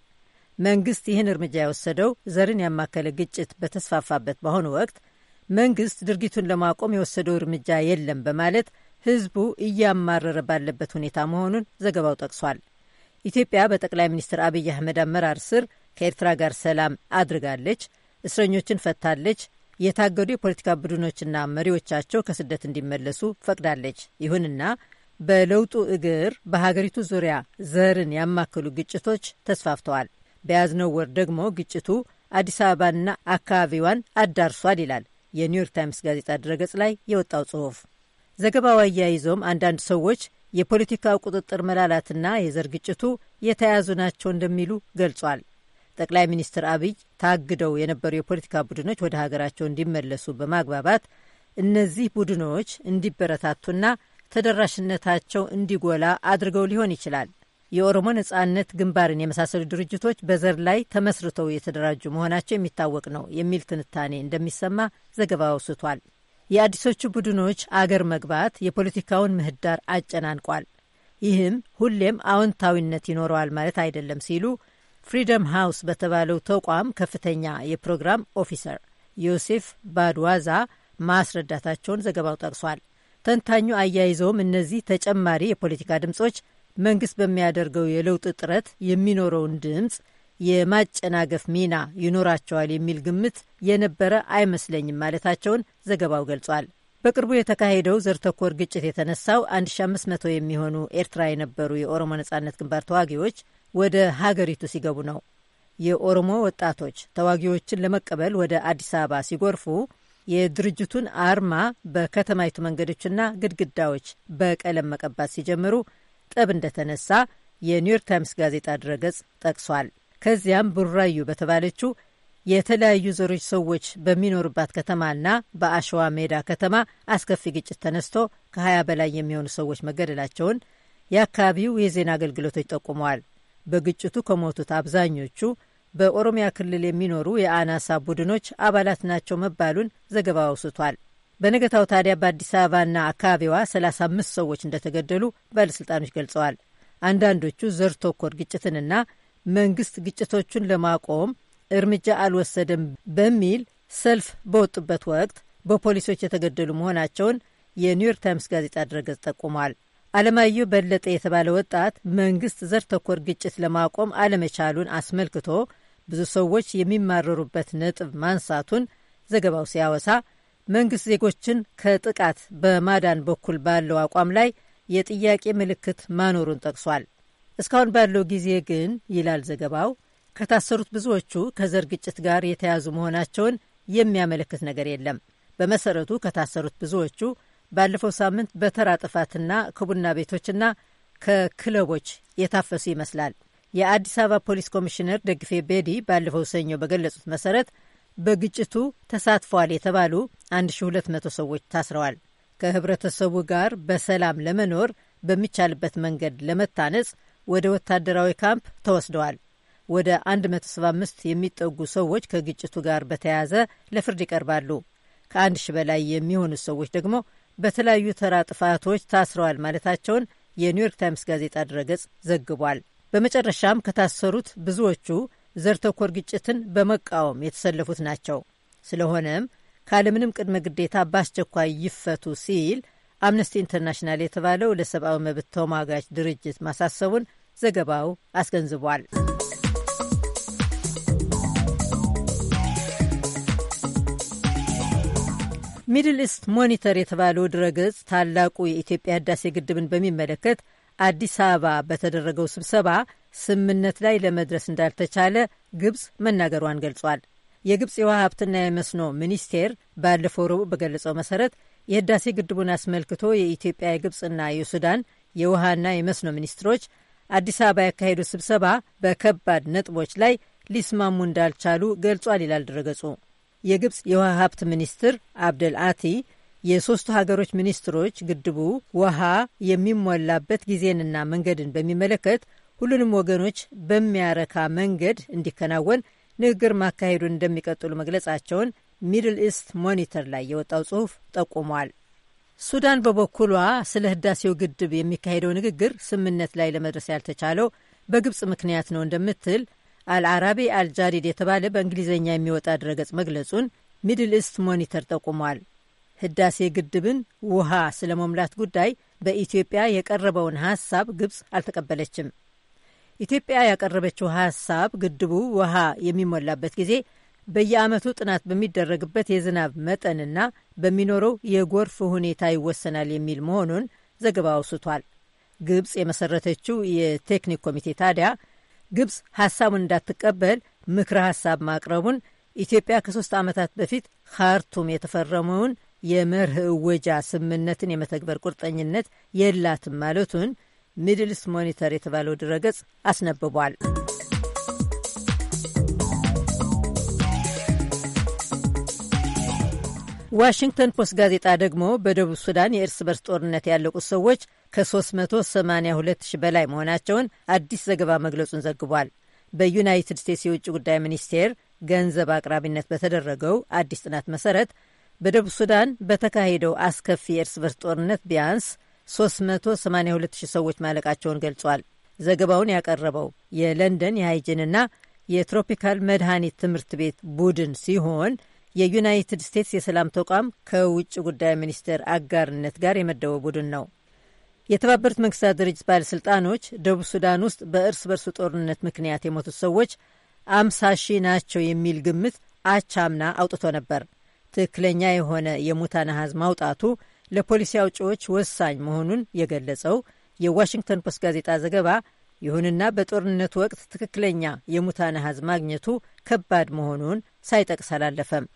መንግስት ይህን እርምጃ የወሰደው ዘርን ያማከለ ግጭት በተስፋፋበት በአሁኑ ወቅት መንግስት ድርጊቱን ለማቆም የወሰደው እርምጃ የለም በማለት ህዝቡ እያማረረ ባለበት ሁኔታ መሆኑን ዘገባው ጠቅሷል። ኢትዮጵያ በጠቅላይ ሚኒስትር አብይ አህመድ አመራር ስር ከኤርትራ ጋር ሰላም አድርጋለች፣ እስረኞችን ፈታለች፣ የታገዱ የፖለቲካ ቡድኖችና መሪዎቻቸው ከስደት እንዲመለሱ ፈቅዳለች። ይሁንና በለውጡ እግር በሀገሪቱ ዙሪያ ዘርን ያማከሉ ግጭቶች ተስፋፍተዋል። በያዝነው ወር ደግሞ ግጭቱ አዲስ አበባና አካባቢዋን አዳርሷል ይላል የኒውዮርክ ታይምስ ጋዜጣ ድረገጽ ላይ የወጣው ጽሑፍ። ዘገባው አያይዞም አንዳንድ ሰዎች የፖለቲካው ቁጥጥር መላላትና የዘር ግጭቱ የተያያዙ ናቸው እንደሚሉ ገልጿል። ጠቅላይ ሚኒስትር አብይ ታግደው የነበሩ የፖለቲካ ቡድኖች ወደ ሀገራቸው እንዲመለሱ በማግባባት እነዚህ ቡድኖች እንዲበረታቱና ተደራሽነታቸው እንዲጎላ አድርገው ሊሆን ይችላል። የኦሮሞ ነጻነት ግንባርን የመሳሰሉ ድርጅቶች በዘር ላይ ተመስርተው የተደራጁ መሆናቸው የሚታወቅ ነው የሚል ትንታኔ እንደሚሰማ ዘገባ አውስቷል። የአዲሶቹ ቡድኖች አገር መግባት የፖለቲካውን ምህዳር አጨናንቋል፣ ይህም ሁሌም አዎንታዊነት ይኖረዋል ማለት አይደለም ሲሉ ፍሪደም ሃውስ በተባለው ተቋም ከፍተኛ የፕሮግራም ኦፊሰር ዮሴፍ ባድዋዛ ማስረዳታቸውን ዘገባው ጠቅሷል። ተንታኙ አያይዘውም እነዚህ ተጨማሪ የፖለቲካ ድምጾች መንግስት በሚያደርገው የለውጥ ጥረት የሚኖረውን ድምፅ የማጨናገፍ ሚና ይኖራቸዋል የሚል ግምት የነበረ አይመስለኝም ማለታቸውን ዘገባው ገልጿል። በቅርቡ የተካሄደው ዘር ተኮር ግጭት የተነሳው 1500 የሚሆኑ ኤርትራ የነበሩ የኦሮሞ ነጻነት ግንባር ተዋጊዎች ወደ ሀገሪቱ ሲገቡ ነው። የኦሮሞ ወጣቶች ተዋጊዎችን ለመቀበል ወደ አዲስ አበባ ሲጎርፉ የድርጅቱን አርማ በከተማይቱ መንገዶችና ግድግዳዎች በቀለም መቀባት ሲጀምሩ ጠብ እንደተነሳ የኒውዮርክ ታይምስ ጋዜጣ ድረገጽ ጠቅሷል። ከዚያም ቡራዩ በተባለችው የተለያዩ ዘሮች ሰዎች በሚኖሩባት ከተማና በአሸዋ ሜዳ ከተማ አስከፊ ግጭት ተነስቶ ከ20 በላይ የሚሆኑ ሰዎች መገደላቸውን የአካባቢው የዜና አገልግሎቶች ጠቁመዋል። በግጭቱ ከሞቱት አብዛኞቹ በኦሮሚያ ክልል የሚኖሩ የአናሳ ቡድኖች አባላት ናቸው መባሉን ዘገባ አውስቷል። በነገታው ታዲያ በአዲስ አበባና አካባቢዋ 35 ሰዎች እንደተገደሉ ባለሥልጣኖች ገልጸዋል። አንዳንዶቹ ዘር ተኮር ግጭትንና መንግስት ግጭቶቹን ለማቆም እርምጃ አልወሰደም በሚል ሰልፍ በወጡበት ወቅት በፖሊሶች የተገደሉ መሆናቸውን የኒውዮርክ ታይምስ ጋዜጣ ድረገጽ ጠቁሟል። አለማየሁ በለጠ የተባለ ወጣት መንግስት ዘር ተኮር ግጭት ለማቆም አለመቻሉን አስመልክቶ ብዙ ሰዎች የሚማረሩበት ነጥብ ማንሳቱን ዘገባው ሲያወሳ መንግስት ዜጎችን ከጥቃት በማዳን በኩል ባለው አቋም ላይ የጥያቄ ምልክት ማኖሩን ጠቅሷል። እስካሁን ባለው ጊዜ ግን ይላል ዘገባው፣ ከታሰሩት ብዙዎቹ ከዘር ግጭት ጋር የተያዙ መሆናቸውን የሚያመለክት ነገር የለም። በመሰረቱ ከታሰሩት ብዙዎቹ ባለፈው ሳምንት በተራ ጥፋትና ከቡና ቤቶችና ከክለቦች የታፈሱ ይመስላል። የአዲስ አበባ ፖሊስ ኮሚሽነር ደግፌ ቤዲ ባለፈው ሰኞ በገለጹት መሰረት በግጭቱ ተሳትፈዋል የተባሉ 1200 ሰዎች ታስረዋል። ከህብረተሰቡ ጋር በሰላም ለመኖር በሚቻልበት መንገድ ለመታነጽ ወደ ወታደራዊ ካምፕ ተወስደዋል። ወደ 175 የሚጠጉ ሰዎች ከግጭቱ ጋር በተያያዘ ለፍርድ ይቀርባሉ። ከአንድ ሺ በላይ የሚሆኑ ሰዎች ደግሞ በተለያዩ ተራ ጥፋቶች ታስረዋል ማለታቸውን የኒውዮርክ ታይምስ ጋዜጣ ድረገጽ ዘግቧል። በመጨረሻም ከታሰሩት ብዙዎቹ ዘር ተኮር ግጭትን በመቃወም የተሰለፉት ናቸው። ስለሆነም ካለምንም ቅድመ ግዴታ በአስቸኳይ ይፈቱ ሲል አምነስቲ ኢንተርናሽናል የተባለው ለሰብአዊ መብት ተሟጋች ድርጅት ማሳሰቡን ዘገባው አስገንዝቧል። ሚድል ኢስት ሞኒተር የተባለው ድረገጽ ታላቁ የኢትዮጵያ ህዳሴ ግድብን በሚመለከት አዲስ አበባ በተደረገው ስብሰባ ስምምነት ላይ ለመድረስ እንዳልተቻለ ግብፅ መናገሯን ገልጿል። የግብፅ የውሃ ሀብትና የመስኖ ሚኒስቴር ባለፈው ረቡዕ በገለጸው መሰረት የህዳሴ ግድቡን አስመልክቶ የኢትዮጵያ የግብፅና የሱዳን የውሃና የመስኖ ሚኒስትሮች አዲስ አበባ ያካሄዱት ስብሰባ በከባድ ነጥቦች ላይ ሊስማሙ እንዳልቻሉ ገልጿል ይላል ድረገጹ። የግብፅ የውሃ ሀብት ሚኒስትር አብደል አቲ የሦስቱ ሀገሮች ሚኒስትሮች ግድቡ ውሃ የሚሞላበት ጊዜንና መንገድን በሚመለከት ሁሉንም ወገኖች በሚያረካ መንገድ እንዲከናወን ንግግር ማካሄዱን እንደሚቀጥሉ መግለጻቸውን ሚድል ኢስት ሞኒተር ላይ የወጣው ጽሑፍ ጠቁሟል። ሱዳን በበኩሏ ስለ ህዳሴው ግድብ የሚካሄደው ንግግር ስምምነት ላይ ለመድረስ ያልተቻለው በግብፅ ምክንያት ነው እንደምትል አልአራቢ አልጃዲድ የተባለ በእንግሊዝኛ የሚወጣ ድረገጽ መግለጹን ሚድል ኢስት ሞኒተር ጠቁሟል። ህዳሴ ግድብን ውሃ ስለ መሙላት ጉዳይ በኢትዮጵያ የቀረበውን ሀሳብ ግብፅ አልተቀበለችም። ኢትዮጵያ ያቀረበችው ሀሳብ ግድቡ ውሃ የሚሞላበት ጊዜ በየዓመቱ ጥናት በሚደረግበት የዝናብ መጠንና በሚኖረው የጎርፍ ሁኔታ ይወሰናል የሚል መሆኑን ዘገባ አውስቷል። ግብፅ የመሰረተችው የቴክኒክ ኮሚቴ ታዲያ ግብፅ ሐሳቡን እንዳትቀበል ምክረ ሐሳብ ማቅረቡን ኢትዮጵያ ከሶስት ዓመታት በፊት ካርቱም የተፈረመውን የመርህ እወጃ ስምምነትን የመተግበር ቁርጠኝነት የላትም ማለቱን ሚድልስ ሞኒተር የተባለው ድረገጽ አስነብቧል። ዋሽንግተን ፖስት ጋዜጣ ደግሞ በደቡብ ሱዳን የእርስ በርስ ጦርነት ያለቁት ሰዎች ከ382 ሺህ በላይ መሆናቸውን አዲስ ዘገባ መግለጹን ዘግቧል። በዩናይትድ ስቴትስ የውጭ ጉዳይ ሚኒስቴር ገንዘብ አቅራቢነት በተደረገው አዲስ ጥናት መሰረት በደቡብ ሱዳን በተካሄደው አስከፊ የእርስ በርስ ጦርነት ቢያንስ 382,000 ሰዎች ማለቃቸውን ገልጿል። ዘገባውን ያቀረበው የለንደን የሃይጅንና የትሮፒካል መድኃኒት ትምህርት ቤት ቡድን ሲሆን የዩናይትድ ስቴትስ የሰላም ተቋም ከውጭ ጉዳይ ሚኒስቴር አጋርነት ጋር የመደበው ቡድን ነው። የተባበሩት መንግስታት ድርጅት ባለሥልጣኖች ደቡብ ሱዳን ውስጥ በእርስ በርሱ ጦርነት ምክንያት የሞቱት ሰዎች አምሳ ሺህ ናቸው የሚል ግምት አቻምና አውጥቶ ነበር። ትክክለኛ የሆነ የሙታን አሃዝ ማውጣቱ ለፖሊሲ አውጪዎች ወሳኝ መሆኑን የገለጸው የዋሽንግተን ፖስት ጋዜጣ ዘገባ ይሁንና በጦርነቱ ወቅት ትክክለኛ የሙታን አሃዝ ማግኘቱ ከባድ መሆኑን ሳይጠቅስ አላለፈም።